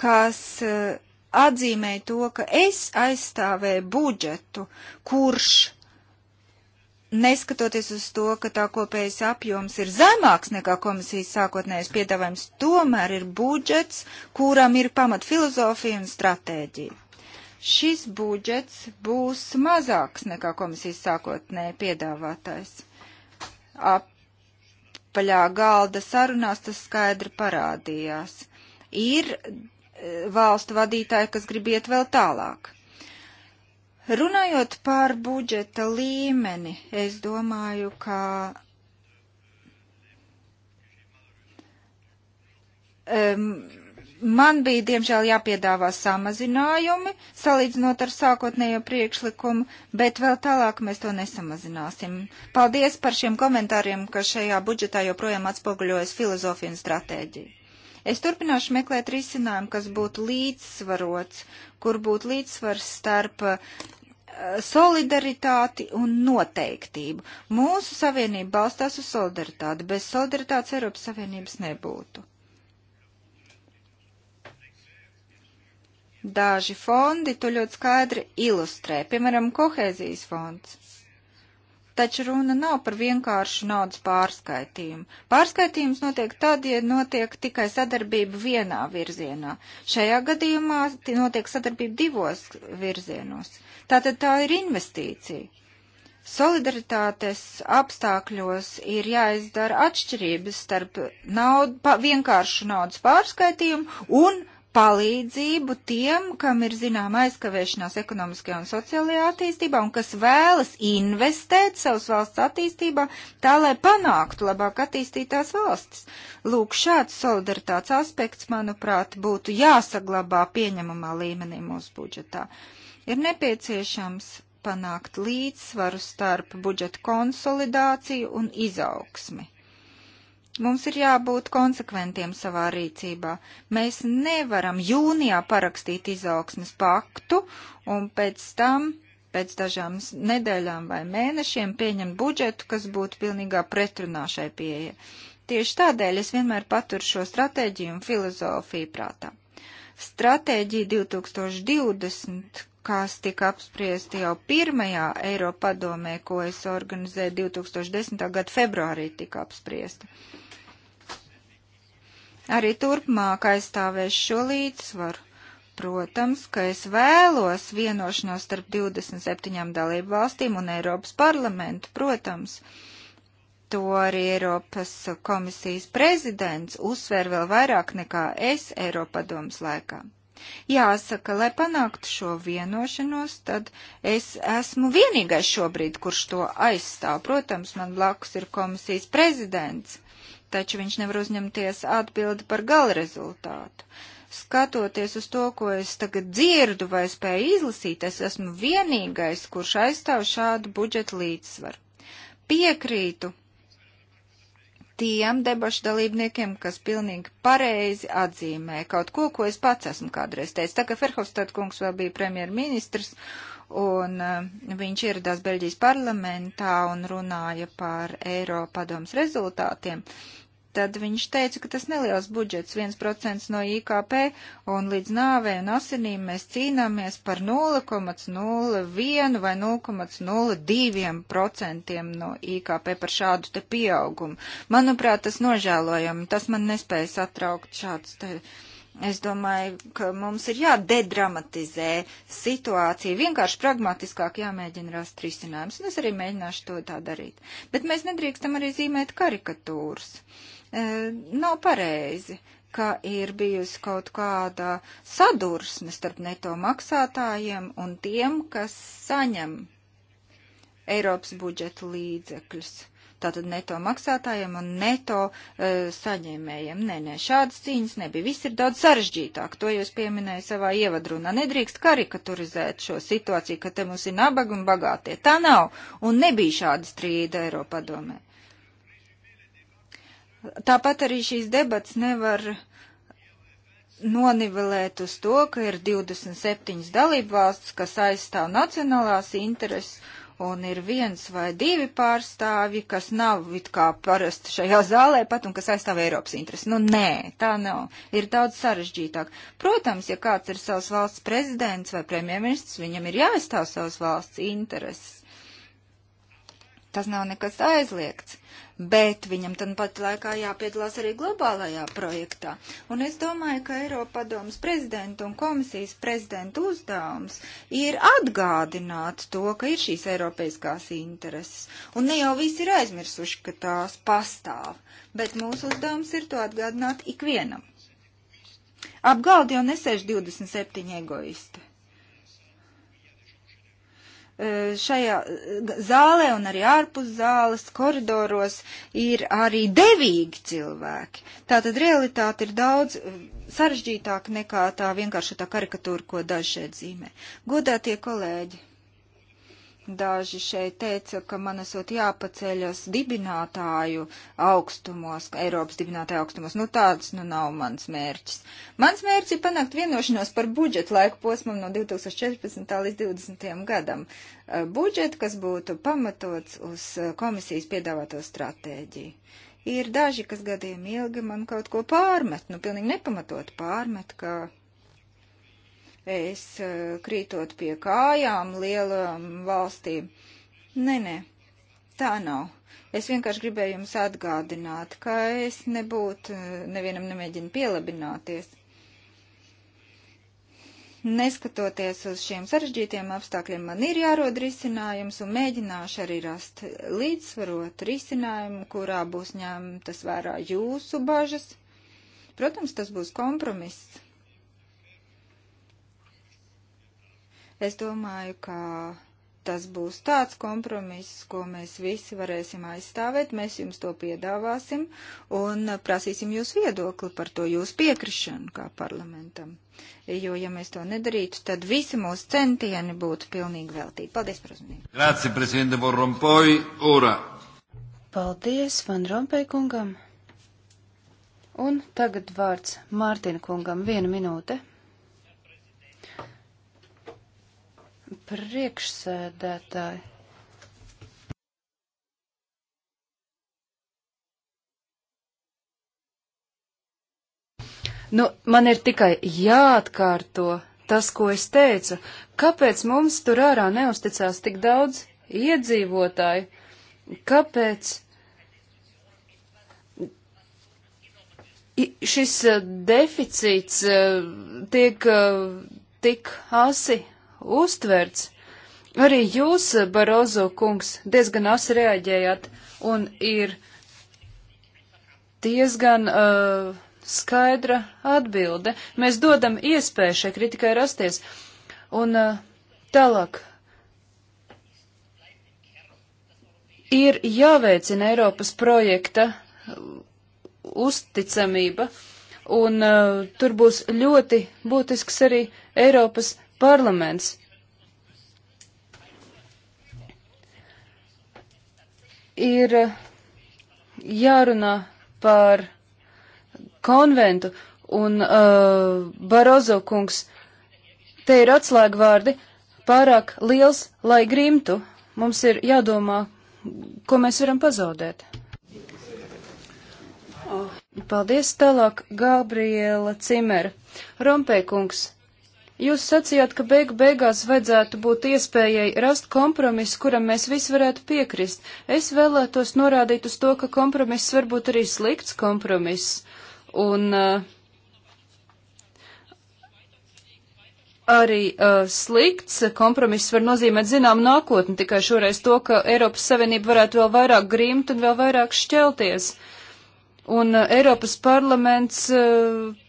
kas eh, atzīmēja to, ka es aizstāvēju budžetu, kurš neskatoties uz to, ka tā kopējais apjoms ir zemāks nekā komisijas sākotnējais piedāvājums, tomēr ir budžets, kuram ir pamat filozofija un stratēģija. Šis budžets būs mazāks nekā komisijas sākotnēji piedāvātais. Apaļā galda sarunās tas skaidri parādījās. Ir valstu vadītāji, kas grib iet vēl tālāk. Runājot par budžeta līmeni, es domāju, ka um, man bija, diemžēl, jāpiedāvā samazinājumi, salīdzinot ar sākotnējo priekšlikumu, bet vēl tālāk mēs to nesamazināsim. Paldies par šiem komentāriem, ka šajā budžetā joprojām atspoguļojas filozofija un stratēģija. Es turpināšu meklēt risinājumu, kas būtu līdzsvarots, kur būtu līdzsvars starp uh, solidaritāti un noteiktību. Mūsu savienība balstās uz solidaritāti. Bez solidaritātes Eiropas Savienības nebūtu. Daži fondi to ļoti skaidri ilustrē, piemēram, kohēzijas fonds. Taču runa nav par vienkāršu naudas pārskaitījumu. Pārskaitījums notiek tad, ja notiek tikai sadarbība vienā virzienā. Šajā gadījumā notiek sadarbība divos virzienos. Tātad tā ir investīcija. Solidaritātes apstākļos ir jāizdara atšķirības starp naudu, pa, vienkāršu naudas pārskaitījumu un palīdzību tiem, kam ir zināma aizkavēšanās ekonomiskajā un sociālajā attīstībā un kas vēlas investēt savas valsts attīstībā, tā lai panāktu labāk attīstītās valstis. Lūk, šāds solidaritātes aspekts, manuprāt, būtu jāsaglabā pieņemamā līmenī mūsu budžetā. Ir nepieciešams panākt līdzsvaru starp budžeta konsolidāciju un izaugsmi Mums ir jābūt konsekventiem savā rīcībā. Mēs nevaram jūnijā parakstīt izaugsmes paktu un pēc tam, pēc dažām nedēļām vai mēnešiem, pieņemt budžetu, kas būtu pilnīgā pretrunā šai pieeja. Tieši tādēļ es vienmēr paturu šo stratēģiju un filozofiju prātā. Stratēģija 2020, kas tika apspriesti jau pirmajā Eiropa padomē, ko es organizēju 2010. gada februārī, tika apspriesta arī turpmāk aizstāvēs šo līdzsvaru. Protams, ka es vēlos vienošanos starp 27 dalību valstīm un Eiropas parlamentu, protams. To arī Eiropas komisijas prezidents uzsver vēl vairāk nekā es Eiropadomas laikā. Jāsaka, lai panāktu šo vienošanos, tad es esmu vienīgais šobrīd, kurš to aizstāv. Protams, man blakus ir komisijas prezidents taču viņš nevar uzņemties atbildi par gala rezultātu. Skatoties uz to, ko es tagad dzirdu vai spēju izlasīt, es esmu vienīgais, kurš aizstāv šādu budžeta līdzsvaru. Piekrītu tiem debašu dalībniekiem, kas pilnīgi pareizi atzīmē kaut ko, ko es pats esmu kādreiz teicis. Tā kā Ferhofstad kungs vēl bija premjerministrs, un uh, viņš ieradās Beļģijas parlamentā un runāja par Eiropadoms rezultātiem. Uh, tad viņš teica, ka tas neliels budžets, 1% no IKP, un līdz nāvē un asinīm mēs cīnāmies par 0,01 vai 0,02% no IKP par šādu te pieaugumu. Manuprāt, tas nožēlojami, tas man nespēja satraukt šāds te. Es domāju, ka mums ir jādedramatizē situācija, vienkārši pragmatiskāk jāmēģina rast risinājums, un es arī mēģināšu to tā darīt. Bet mēs nedrīkstam arī zīmēt karikatūras. Uh, E, nav pareizi, ka ir bijusi kaut kāda sadursme starp neto maksātājiem un tiem, kas saņem Eiropas budžeta līdzekļus. Tātad neto maksātājiem un neto uh, saņēmējiem. Nē, nē, šādas cīņas nebija. Viss ir daudz sarežģītāk. To jūs pieminēju savā ievadrunā. Nedrīkst karikaturizēt šo situāciju, ka te mums ir nabaga un bagātie. Tā nav. Un nebija šāda strīda Eiropadomē. Tāpat arī šīs debats nevar nonivelēt uz to, ka ir 27 dalību valsts, kas aizstāv nacionālās intereses, un ir viens vai divi pārstāvi, kas nav it kā parasti šajā zālē pat un kas aizstāv Eiropas intereses. Nu, nē, tā nav. Ir daudz sarežģītāk. Protams, ja kāds ir savas valsts prezidents vai premjerministrs, viņam ir jāaizstāv savas valsts intereses. Tas nav nekas aizliegts bet viņam tad pat laikā jāpiedalās arī globālajā projektā. Un es domāju, ka Eiropadomas prezidenta un komisijas prezidenta uzdevums ir atgādināt to, ka ir šīs eiropeiskās intereses. Un ne jau visi ir aizmirsuši, ka tās pastāv, bet mūsu uzdevums ir to atgādināt ikvienam. Apgaldi jau nesēž 27 egoisti šajā zālē un arī ārpus zāles koridoros ir arī devīgi cilvēki. Tātad realitāte ir daudz eh, sarežģītāka nekā tā vienkārši tā karikatūra, ko daži šeit zīmē. Godātie kolēģi! Daži šeit teica, ka man esot jāpaceļas dibinātāju augstumos, Eiropas dibinātāju augstumos. Nu, tāds nu nav mans mērķis. Mans mērķis ir panākt vienošanos par budžetu laiku posmam no 2014. līdz 2020. gadam. Eh, budžetu, kas būtu pamatots uz eh, komisijas piedāvāto stratēģiju. Ir daži, kas gadiem ilgi man kaut ko pārmet, nu, pilnīgi nepamatot pārmet, ka es eh, krītot pie kājām lielām valstīm. Nē, nē, tā nav. Es vienkārši gribēju jums atgādināt, ka es nebūtu, eh, nevienam nemēģinu pielabināties. Neskatoties uz šiem sarežģītiem apstākļiem, man ir jārod risinājums un mēģināšu arī rast līdzsvarot risinājumu, kurā būs ņemtas vērā jūsu bažas. Protams, tas būs kompromiss Es domāju, ka tas būs tāds kompromiss, ko mēs visi varēsim aizstāvēt. Mēs jums to piedāvāsim un prasīsim jūs viedokli par to, jūs piekrišanu kā parlamentam. Jo, ja mēs to nedarītu, tad visi mūsu centieni būtu pilnīgi veltīti. Paldies par uzmanību. Grazie, prezidente Vorrompoj, ora. Paldies, Van Rompēj kungam. Un tagad vārds Mārtiņa kungam. Viena minūte. Priekšsēdētāji. Nu, man ir tikai jāatkārto tas, ko es teicu. Kāpēc mums tur ārā neusticās tik daudz iedzīvotāju? Kāpēc šis eh, deficīts eh, tiek eh, tik asi uztverts. Arī jūs, Barozo kungs, diezgan asi reaģējāt un ir diezgan uh, skaidra atbilde. Mēs dodam iespēju šai kritikai rasties. Un uh, tālāk. Ir jāveicina Eiropas projekta uzticamība, un uh, tur būs ļoti būtisks arī Eiropas parlaments. Ir jārunā par konventu, un uh, Barozo kungs, te ir atslēgvārdi, pārāk liels, lai grimtu. Mums ir jādomā, ko mēs varam pazaudēt. Oh. Paldies tālāk, Gabriela Cimera. Rompēkungs, Jūs sacījāt, ka beigu beigās vajadzētu būt iespējai rast kompromisu, kuram mēs visi varētu piekrist. Es vēlētos norādīt uz to, ka kompromiss var būt arī slikts kompromiss. Un uh, arī uh, slikts kompromiss var nozīmēt zinām nākotni, tikai šoreiz to, ka Eiropas Savienība varētu vēl vairāk grimt un vēl vairāk šķelties. Un uh, Eiropas parlaments. Uh,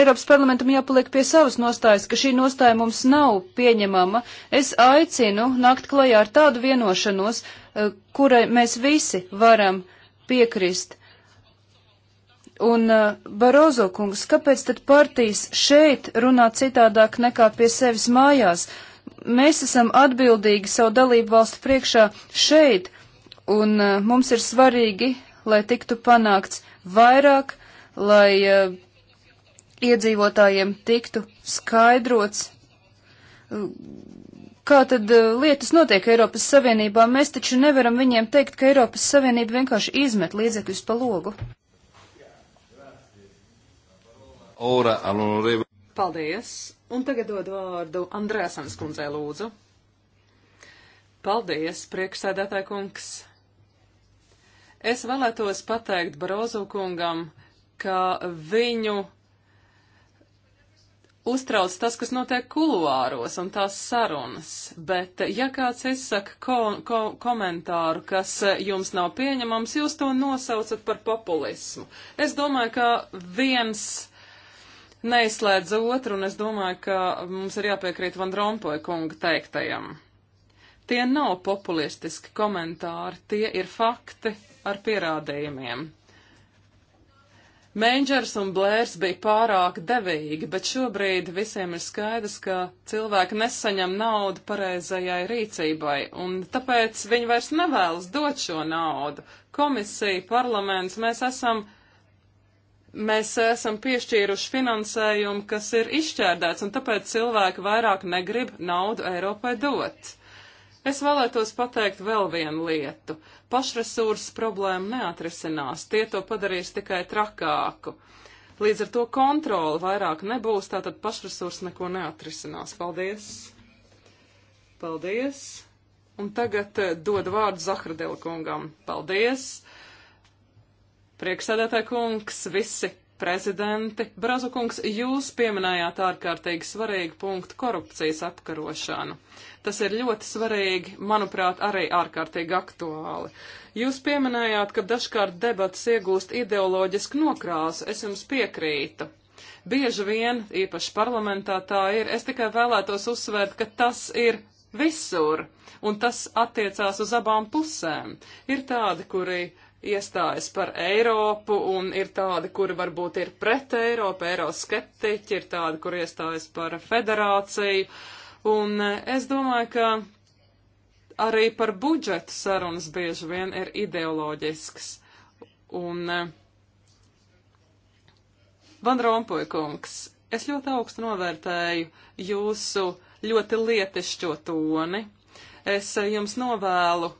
Eiropas parlamentam jāpaliek pie savas nostājas, ka šī nostāja mums nav pieņemama. Es aicinu nākt klajā ar tādu vienošanos, eh, kurai mēs visi varam piekrist. Un eh, Barozo kungs, kāpēc tad partijas šeit runā citādāk nekā pie sevis mājās? Mēs esam atbildīgi savu dalību valstu priekšā šeit, un eh, mums ir svarīgi, lai tiktu panākts vairāk, lai uh, iedzīvotājiem tiktu skaidrots, kā tad eh, lietas notiek Eiropas Savienībā. Mēs taču nevaram viņiem teikt, ka Eiropas Savienība vienkārši izmet līdzekļus pa logu. Paldies! Un tagad dod vārdu Andrēsams kundzei lūdzu. Paldies, priekšsēdētāj kungs! Es vēlētos pateikt Barozu kungam, ka viņu uztrauc tas, kas notiek kuluāros un tās sarunas, bet ja kāds izsaka ko, ko, komentāru, kas jums nav pieņemams, jūs to nosaucat par populismu. Es domāju, ka viens neizslēdza otru, un es domāju, ka mums ir jāpiekrīt Van Rompoja kunga teiktajam. Tie nav populistiski komentāri, tie ir fakti ar pierādījumiem. Mēņģers un Blērs bija pārāk devīgi, bet šobrīd visiem ir skaidrs, ka cilvēki nesaņem naudu pareizajai rīcībai, un tāpēc viņi vairs nevēlas dot šo naudu. Komisija, parlaments, mēs esam, mēs esam piešķīruši finansējumu, kas ir izšķērdēts, un tāpēc cilvēki vairāk negrib naudu Eiropai dot. Es vēlētos pateikt vēl vienu lietu. Uh, pašresursu problēmu neatrisinās, tie to padarīs tikai trakāku. Līdz ar to kontroli vairāk nebūs, tātad pašresursu neko neatrisinās. Paldies! Paldies! Un tagad eh, dod vārdu Zahradila kungam. Paldies! Prieksēdētāji kungs, visi prezidenti, Brazu kungs, jūs pieminējāt ārkārtīgi svarīgu punktu korupcijas apkarošanu. Tas ir ļoti svarīgi, manuprāt, arī ārkārtīgi aktuāli. Jūs pieminējāt, ka dažkārt debatas iegūst ideoloģisku nokrāsu, es jums piekrītu. Bieži vien, īpaši parlamentā tā ir, es tikai vēlētos uzsvērt, ka tas ir visur, un tas attiecās uz abām pusēm. Ir tādi, kuri iestājas par Eiropu, un ir tādi, kuri varbūt ir pret Eiropu, eiroskeptiķi, ir tādi, kuri iestājas par federāciju. Uh, Un e, es domāju, ka arī par budžetu sarunas bieži vien ir ideoloģisks. Un e, Van Rompuja kungs, es ļoti augstu novērtēju jūsu ļoti lietišķo toni. Es e, jums novēlu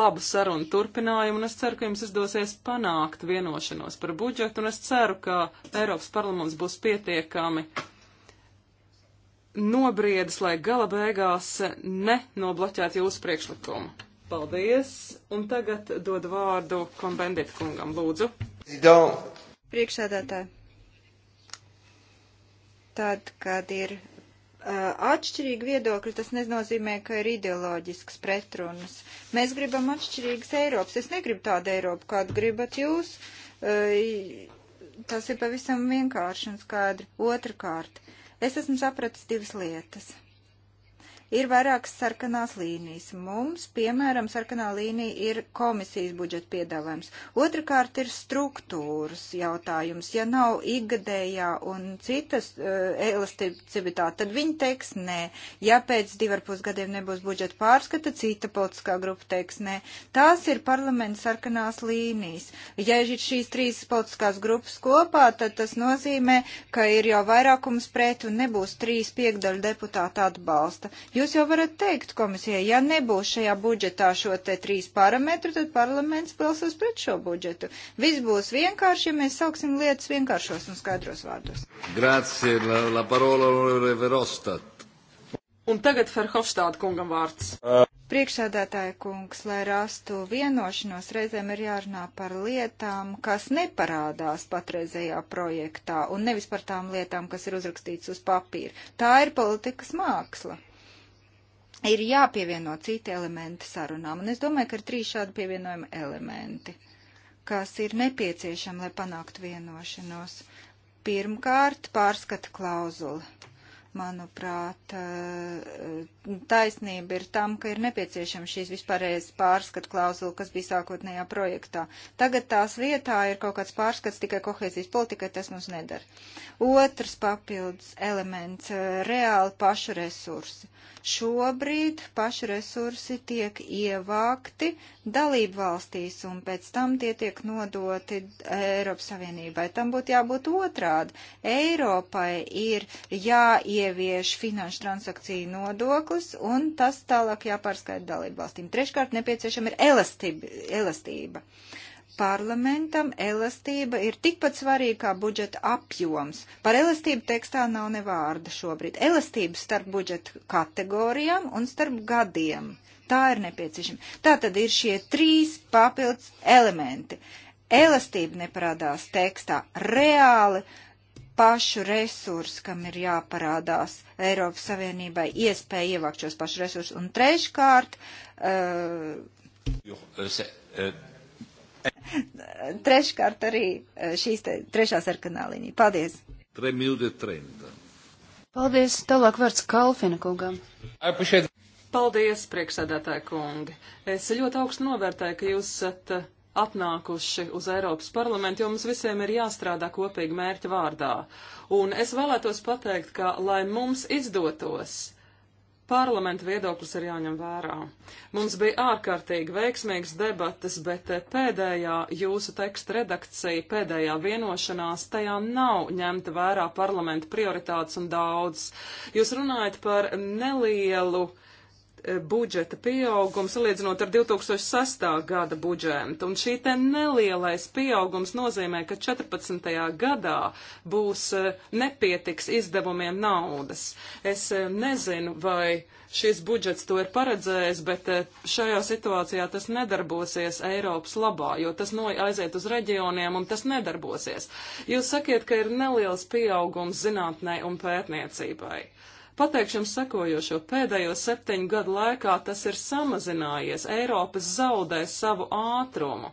labu sarunu turpinājumu, un es ceru, ka jums izdosies panākt vienošanos par budžetu, un es ceru, ka Eiropas parlaments būs pietiekami nobriedis, lai gala beigās nenobloķētu jūsu priekšlikumu. Paldies, un tagad dod vārdu konbendita kungam, lūdzu. Priekšsēdētāji, tad, kad ir uh, atšķirīgi viedokļi, tas nenozīmē, ka ir ideoloģisks pretrunas. Mēs gribam atšķirīgas Eiropas. Es negribu tādu Eiropu, kādu gribat jūs. Uh, tas ir pavisam vienkārši un skaidri. Otrakārt. Uh, Es esmu sapratis divas lietas. Ir vairākas sarkanās līnijas. Mums, piemēram, sarkanā līnija ir komisijas budžeta piedalājums. Otrakārt ir struktūras jautājums. Ja nav ikgadējā un citas uh, elasticitāte, tad viņi teiks nē. Ja pēc divi ar pus gadiem nebūs budžeta pārskata, cita politiskā grupa teiks nē. Tās ir parlamenta sarkanās līnijas. Ja ir šīs trīs politiskās grupas kopā, tad tas nozīmē, ka ir jau vairākums pret un nebūs trīs piekdaļu deputātu atbalsta. Jūs jau varat teikt komisijai, ja nebūs šajā budžetā šo te trīs parametru, tad parlaments balsos pret šo budžetu. Viss būs vienkārši, ja mēs sauksim lietas vienkāršos un skaidros vārdos. Grazie, la, la parola, Verostat. Un tagad Ferhofstāda kungam vārds. Priekšsēdētāja kungs, lai rastu vienošanos, reizēm ir jārunā par lietām, kas neparādās patreizējā projektā, un nevis par tām lietām, kas ir uzrakstīts uz papīra. Tā ir politikas māksla ir jāpievieno citi elementi sarunām, un es domāju, ka ir trīs šādi pievienojuma elementi, kas ir nepieciešami, lai panāktu vienošanos. Pirmkārt, pārskata klauzula. Manuprāt, eh, taisnība ir tam, ka ir nepieciešama šīs vispārējais pārskata klauzula, kas bija sākotnējā projektā. Tagad tās vietā ir kaut kāds pārskats tikai kohēzijas politikai, tas mums nedara. Otrs papildus elements eh, - reāli pašu resursi. Uh, Šobrīd paši resursi tiek ievākti dalību valstīs un pēc tam tie tiek nodoti Eiropas Savienībai. Tam būtu jābūt otrādi. Eiropai ir jāievieš finanšu transakciju nodoklis un tas tālāk jāpārskaita dalību valstīm. Treškārt nepieciešama ir elastība. elastība parlamentam elastība ir tikpat svarīga kā budžeta apjoms. Par elastību tekstā nav ne vārda šobrīd. Elastība starp budžeta kategorijām un starp gadiem. Tā ir nepieciešama. Tā tad ir šie trīs papildus elementi. Elastība neparādās tekstā reāli pašu resursu, kam ir jāparādās Eiropas Savienībai, iespēja ievākt šos pašu resursus. Un treškārt, uh, eh, jo, se, uh Treškārt arī eh, šīs te trešā sarkanā līnija. Paldies! 3 minūtes 30. Paldies! Tālāk vārds Kalfina kungam. Paldies, priekšsēdētāji kungi! Es ļoti augstu novērtēju, ka jūs esat eh, atnākuši uz Eiropas parlamentu, jo mums visiem ir jāstrādā kopīgi mērķa vārdā. Un es vēlētos pateikt, ka, lai mums izdotos parlamenta viedoklis ir jāņem vērā. Mums bija ārkārtīgi veiksmīgas debatas, bet eh, pēdējā jūsu teksta redakcija, pēdējā vienošanās, tajā nav ņemta vērā parlamenta prioritātes un daudz. Jūs runājat par nelielu uh, Eh, budžeta pieaugums salīdzinot ar 2006. gada budžetu. Un šī te nelielais pieaugums nozīmē, ka 14. gadā būs eh, nepietiks izdevumiem naudas. Es eh, nezinu, vai šis budžets to ir paredzējis, bet šajā situācijā tas nedarbosies Eiropas labā, jo tas no aiziet uz reģioniem un tas nedarbosies. Jūs sakiet, ka ir neliels pieaugums zinātnē un pētniecībai. Pateikšu jums sekojošo, pēdējo septiņu gadu laikā tas ir samazinājies, Eiropas zaudē savu ātrumu.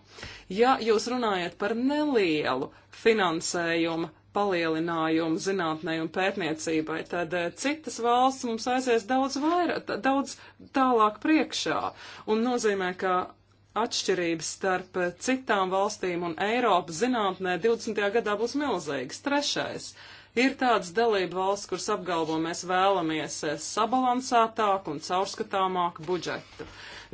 Ja jūs runājat par nelielu finansējumu palielinājumu zinātnē un pētniecībai, tad eh, citas valsts mums aizies daudz vairāk, daudz tālāk priekšā. Un nozīmē, ka atšķirības starp citām valstīm un Eiropas zinātnē 20. gadā būs milzīgas. Trešais Ir tādas dalība valsts, kuras apgalvo, mēs vēlamies eh, sabalansētāku un caurskatāmāku budžetu.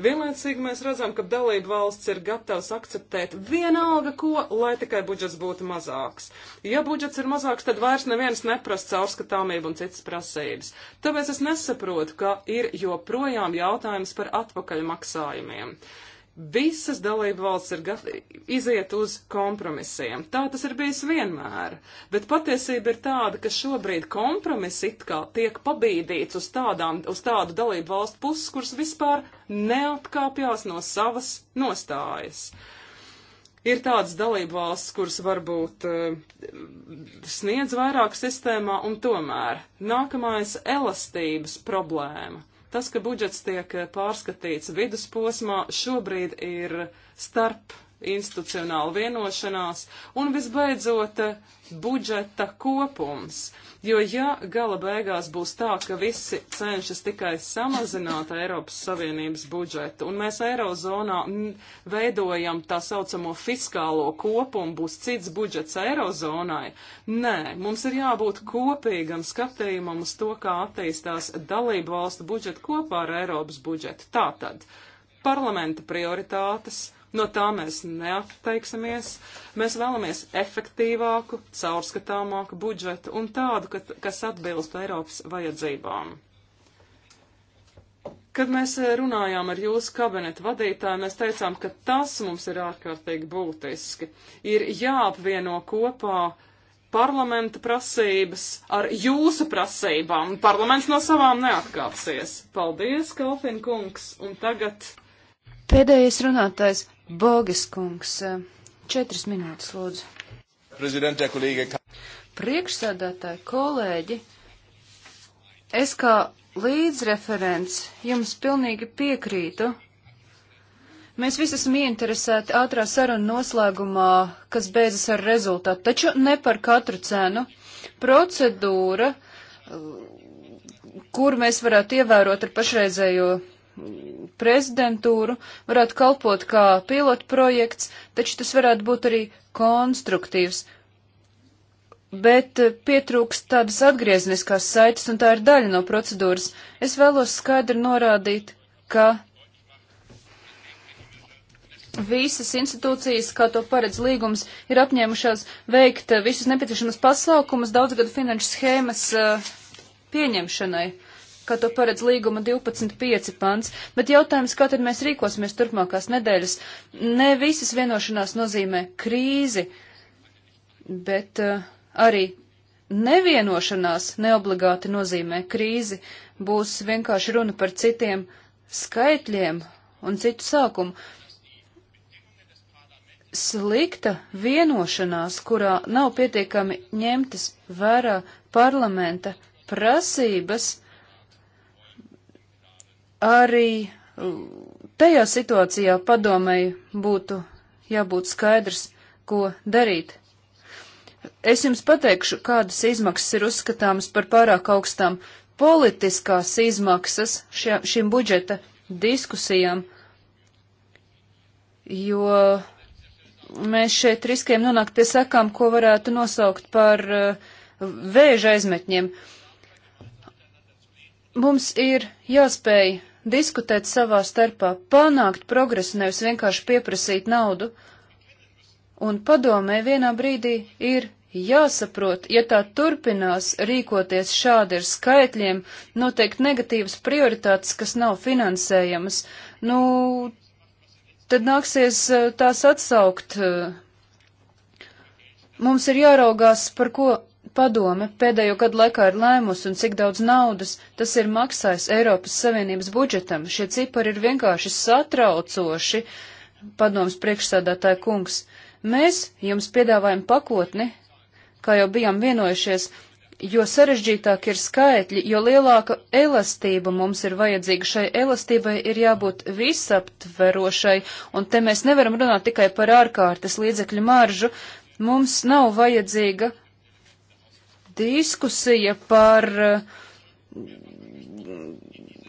Vienlaicīgi mēs redzam, ka dalība valsts ir gatavs akceptēt vienalga ko, lai tikai budžets būtu mazāks. Ja budžets ir mazāks, tad vairs neviens neprasa caurskatāmību un citas prasības. Tāpēc es nesaprotu, ka ir joprojām jautājums par atpakaļmaksājumiem visas dalību valsts ir gatavi iziet uz kompromisiem. Tā tas ir bijis vienmēr, bet patiesība ir tāda, ka šobrīd kompromiss it kā tiek pabīdīts uz, tādām, uz tādu dalību valstu puses, kuras vispār neatkāpjās no savas nostājas. Ir tādas dalību valsts, kuras varbūt uh, sniedz vairāk sistēmā, un tomēr nākamais elastības problēma. Tas, ka budžets tiek eh, pārskatīts vidusposmā, šobrīd ir starp institucionāla vienošanās un visbeidzot eh, budžeta kopums. Jo ja gala beigās būs tā, ka visi cenšas tikai samazināt Eiropas Savienības budžetu un mēs Eirozonā veidojam tā saucamo fiskālo kopumu, būs cits budžets Eirozonai, nē, mums ir jābūt kopīgam skatījumam uz to, kā attīstās dalību valstu budžeti kopā ar Eiropas budžetu. Tātad parlamenta prioritātes No tā mēs neatteiksimies. Mēs vēlamies efektīvāku, caurskatāmāku budžetu un tādu, ka, kas atbilst Eiropas vajadzībām. Kad mēs runājām ar jūsu kabinetu vadītāju, mēs teicām, ka tas mums ir ārkārtīgi būtiski. Ir jāapvieno kopā parlamenta prasības ar jūsu prasībām. Parlaments no savām neatkāpsies. Paldies, Kalfin kungs, un tagad. Pēdējais runātājs Bogas kungs, četras minūtes lūdzu. Prezidentē, kolēģi. Priekšsēdētāji, kolēģi, es kā līdzreferents jums pilnīgi piekrītu. Mēs visi esam ieinteresēti ātrā saruna noslēgumā, kas beidzas ar rezultātu, taču ne par katru cenu. Procedūra, uh, kur mēs varētu ievērot ar pašreizējo prezidentūru varētu kalpot kā pilotprojekts, taču tas varētu būt arī konstruktīvs. Bet eh, pietrūkst tādas atgriezniskās saites, un tā ir daļa no procedūras. Es vēlos skaidri norādīt, ka visas institūcijas, kā to paredz līgums, ir apņēmušās veikt eh, visus nepieciešamas pasākumus daudzgadu finanšu schēmas eh, pieņemšanai kā to paredz līguma 12.5 pants, bet jautājums, kā tad mēs rīkosimies turpmākās nedēļas. Ne visas vienošanās nozīmē krīzi, bet uh, arī nevienošanās neobligāti nozīmē krīzi, būs vienkārši runa par citiem skaitļiem un citu sākumu. Slikta vienošanās, kurā nav pietiekami ņemtas vērā parlamenta prasības, arī tajā situācijā padomēji būtu jābūt skaidrs, ko darīt. Es jums pateikšu, kādas izmaksas ir uzskatāmas par pārāk augstām politiskās izmaksas šie, šīm budžeta diskusijām, jo mēs šeit riskiem nonākt pie sakām, ko varētu nosaukt par eh, vēža aizmetņiem. Mums ir jāspēj diskutēt savā starpā, panākt progresu, nevis vienkārši pieprasīt naudu. Un padomē vienā brīdī ir jāsaprot, ja tā turpinās rīkoties šādi ar skaitļiem, noteikti negatīvas prioritātes, kas nav finansējamas, nu, tad nāksies eh, tās atsaukt. Eh, mums ir jāraugās, par ko Padome pēdējo gadu laikā ir lēmusi un cik daudz naudas tas ir maksājis Eiropas Savienības budžetam. Šie cipari ir vienkārši satraucoši, padomas priekšsādātāja kungs. Mēs jums piedāvājam pakotni, kā jau bijām vienojušies, jo sarežģītāk ir skaitļi, jo lielāka elastība mums ir vajadzīga. Šai elastībai ir jābūt visaptverošai, un te mēs nevaram runāt tikai par ārkārtas līdzekļu maržu. Mums nav vajadzīga diskusija par eh,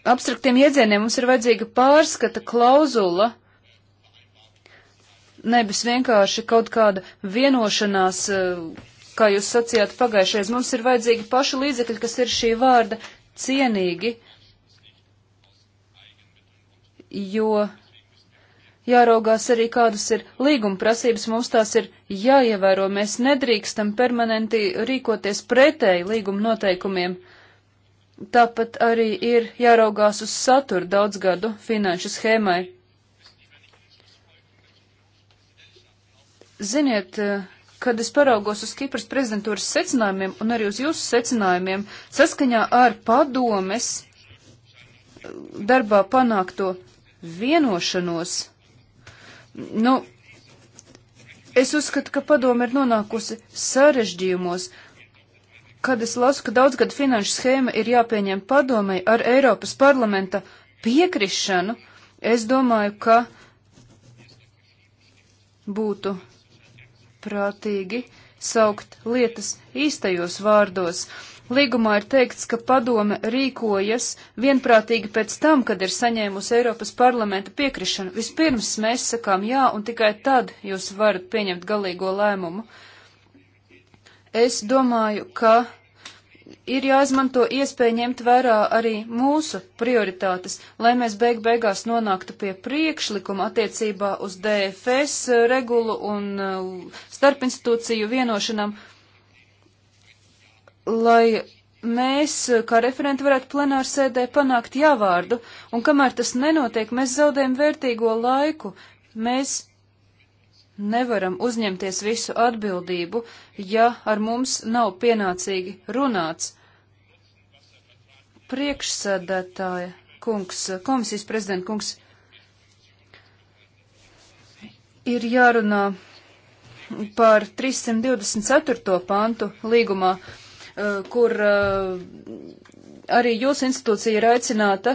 abstraktiem iedzieniem. Mums ir vajadzīga pārskata klauzula, nevis vienkārši kaut kāda vienošanās, eh, kā jūs sacījāt pagājušais. Mums ir vajadzīgi paši līdzekļi, kas ir šī vārda cienīgi, jo jāraugās arī, kādas ir līguma prasības, mums tās ir jāievēro. Mēs nedrīkstam permanenti rīkoties pretēji līguma noteikumiem. Tāpat arī ir jāraugās uz saturu daudzgadu finanšu schēmai. Ziniet, kad es paraugos uz Kipras prezidentūras secinājumiem un arī uz jūsu secinājumiem, saskaņā ar padomes darbā panākto vienošanos, Nu, es uzskatu, ka padome ir nonākusi sarežģījumos, kad es lasu, ka daudzgad finanšu schēma ir jāpieņem padomei ar Eiropas parlamenta piekrišanu. Es domāju, ka būtu prātīgi saukt lietas īstajos vārdos. Uh, Līgumā ir teikts, ka padome rīkojas vienprātīgi pēc tam, kad ir saņēmusi Eiropas parlamenta piekrišanu. Vispirms mēs sakām jā, un tikai tad jūs varat pieņemt galīgo lēmumu. Es domāju, ka ir jāizmanto iespēja ņemt vērā arī mūsu prioritātes, lai mēs beig beigās nonāktu pie priekšlikuma attiecībā uz DFS regulu un uh, starpinstitūciju vienošanām. Uh, lai mēs, kā referenti, varētu plenārsēdē panākt jāvārdu, un kamēr tas nenotiek, mēs zaudējam vērtīgo laiku. Mēs nevaram uzņemties visu atbildību, ja ar mums nav pienācīgi runāts. Priekšsēdētāja kungs, komisijas prezidenta kungs, ir jārunā par 324. pantu līgumā. Eh, kur eh, arī jūsu institūcija ir aicināta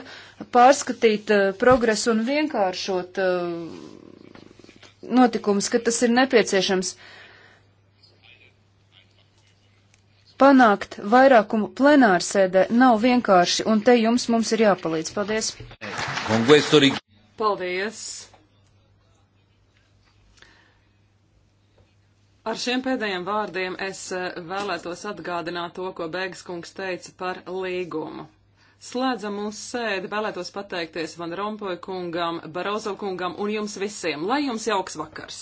pārskatīt eh, progresu un vienkāršot notikumus, ka tas ir nepieciešams panākt vairākumu plenārsēdē nav vienkārši, un te jums mums ir jāpalīdz. Paldies! Paldies! Ar šiem pēdējiem vārdiem es eh, vēlētos atgādināt to, ko Bēgas kungs teica par līgumu. Slēdzam mūsu sēdi, vēlētos pateikties Van Rompuy kungam, Barozo kungam un jums visiem. Lai jums jauks vakars!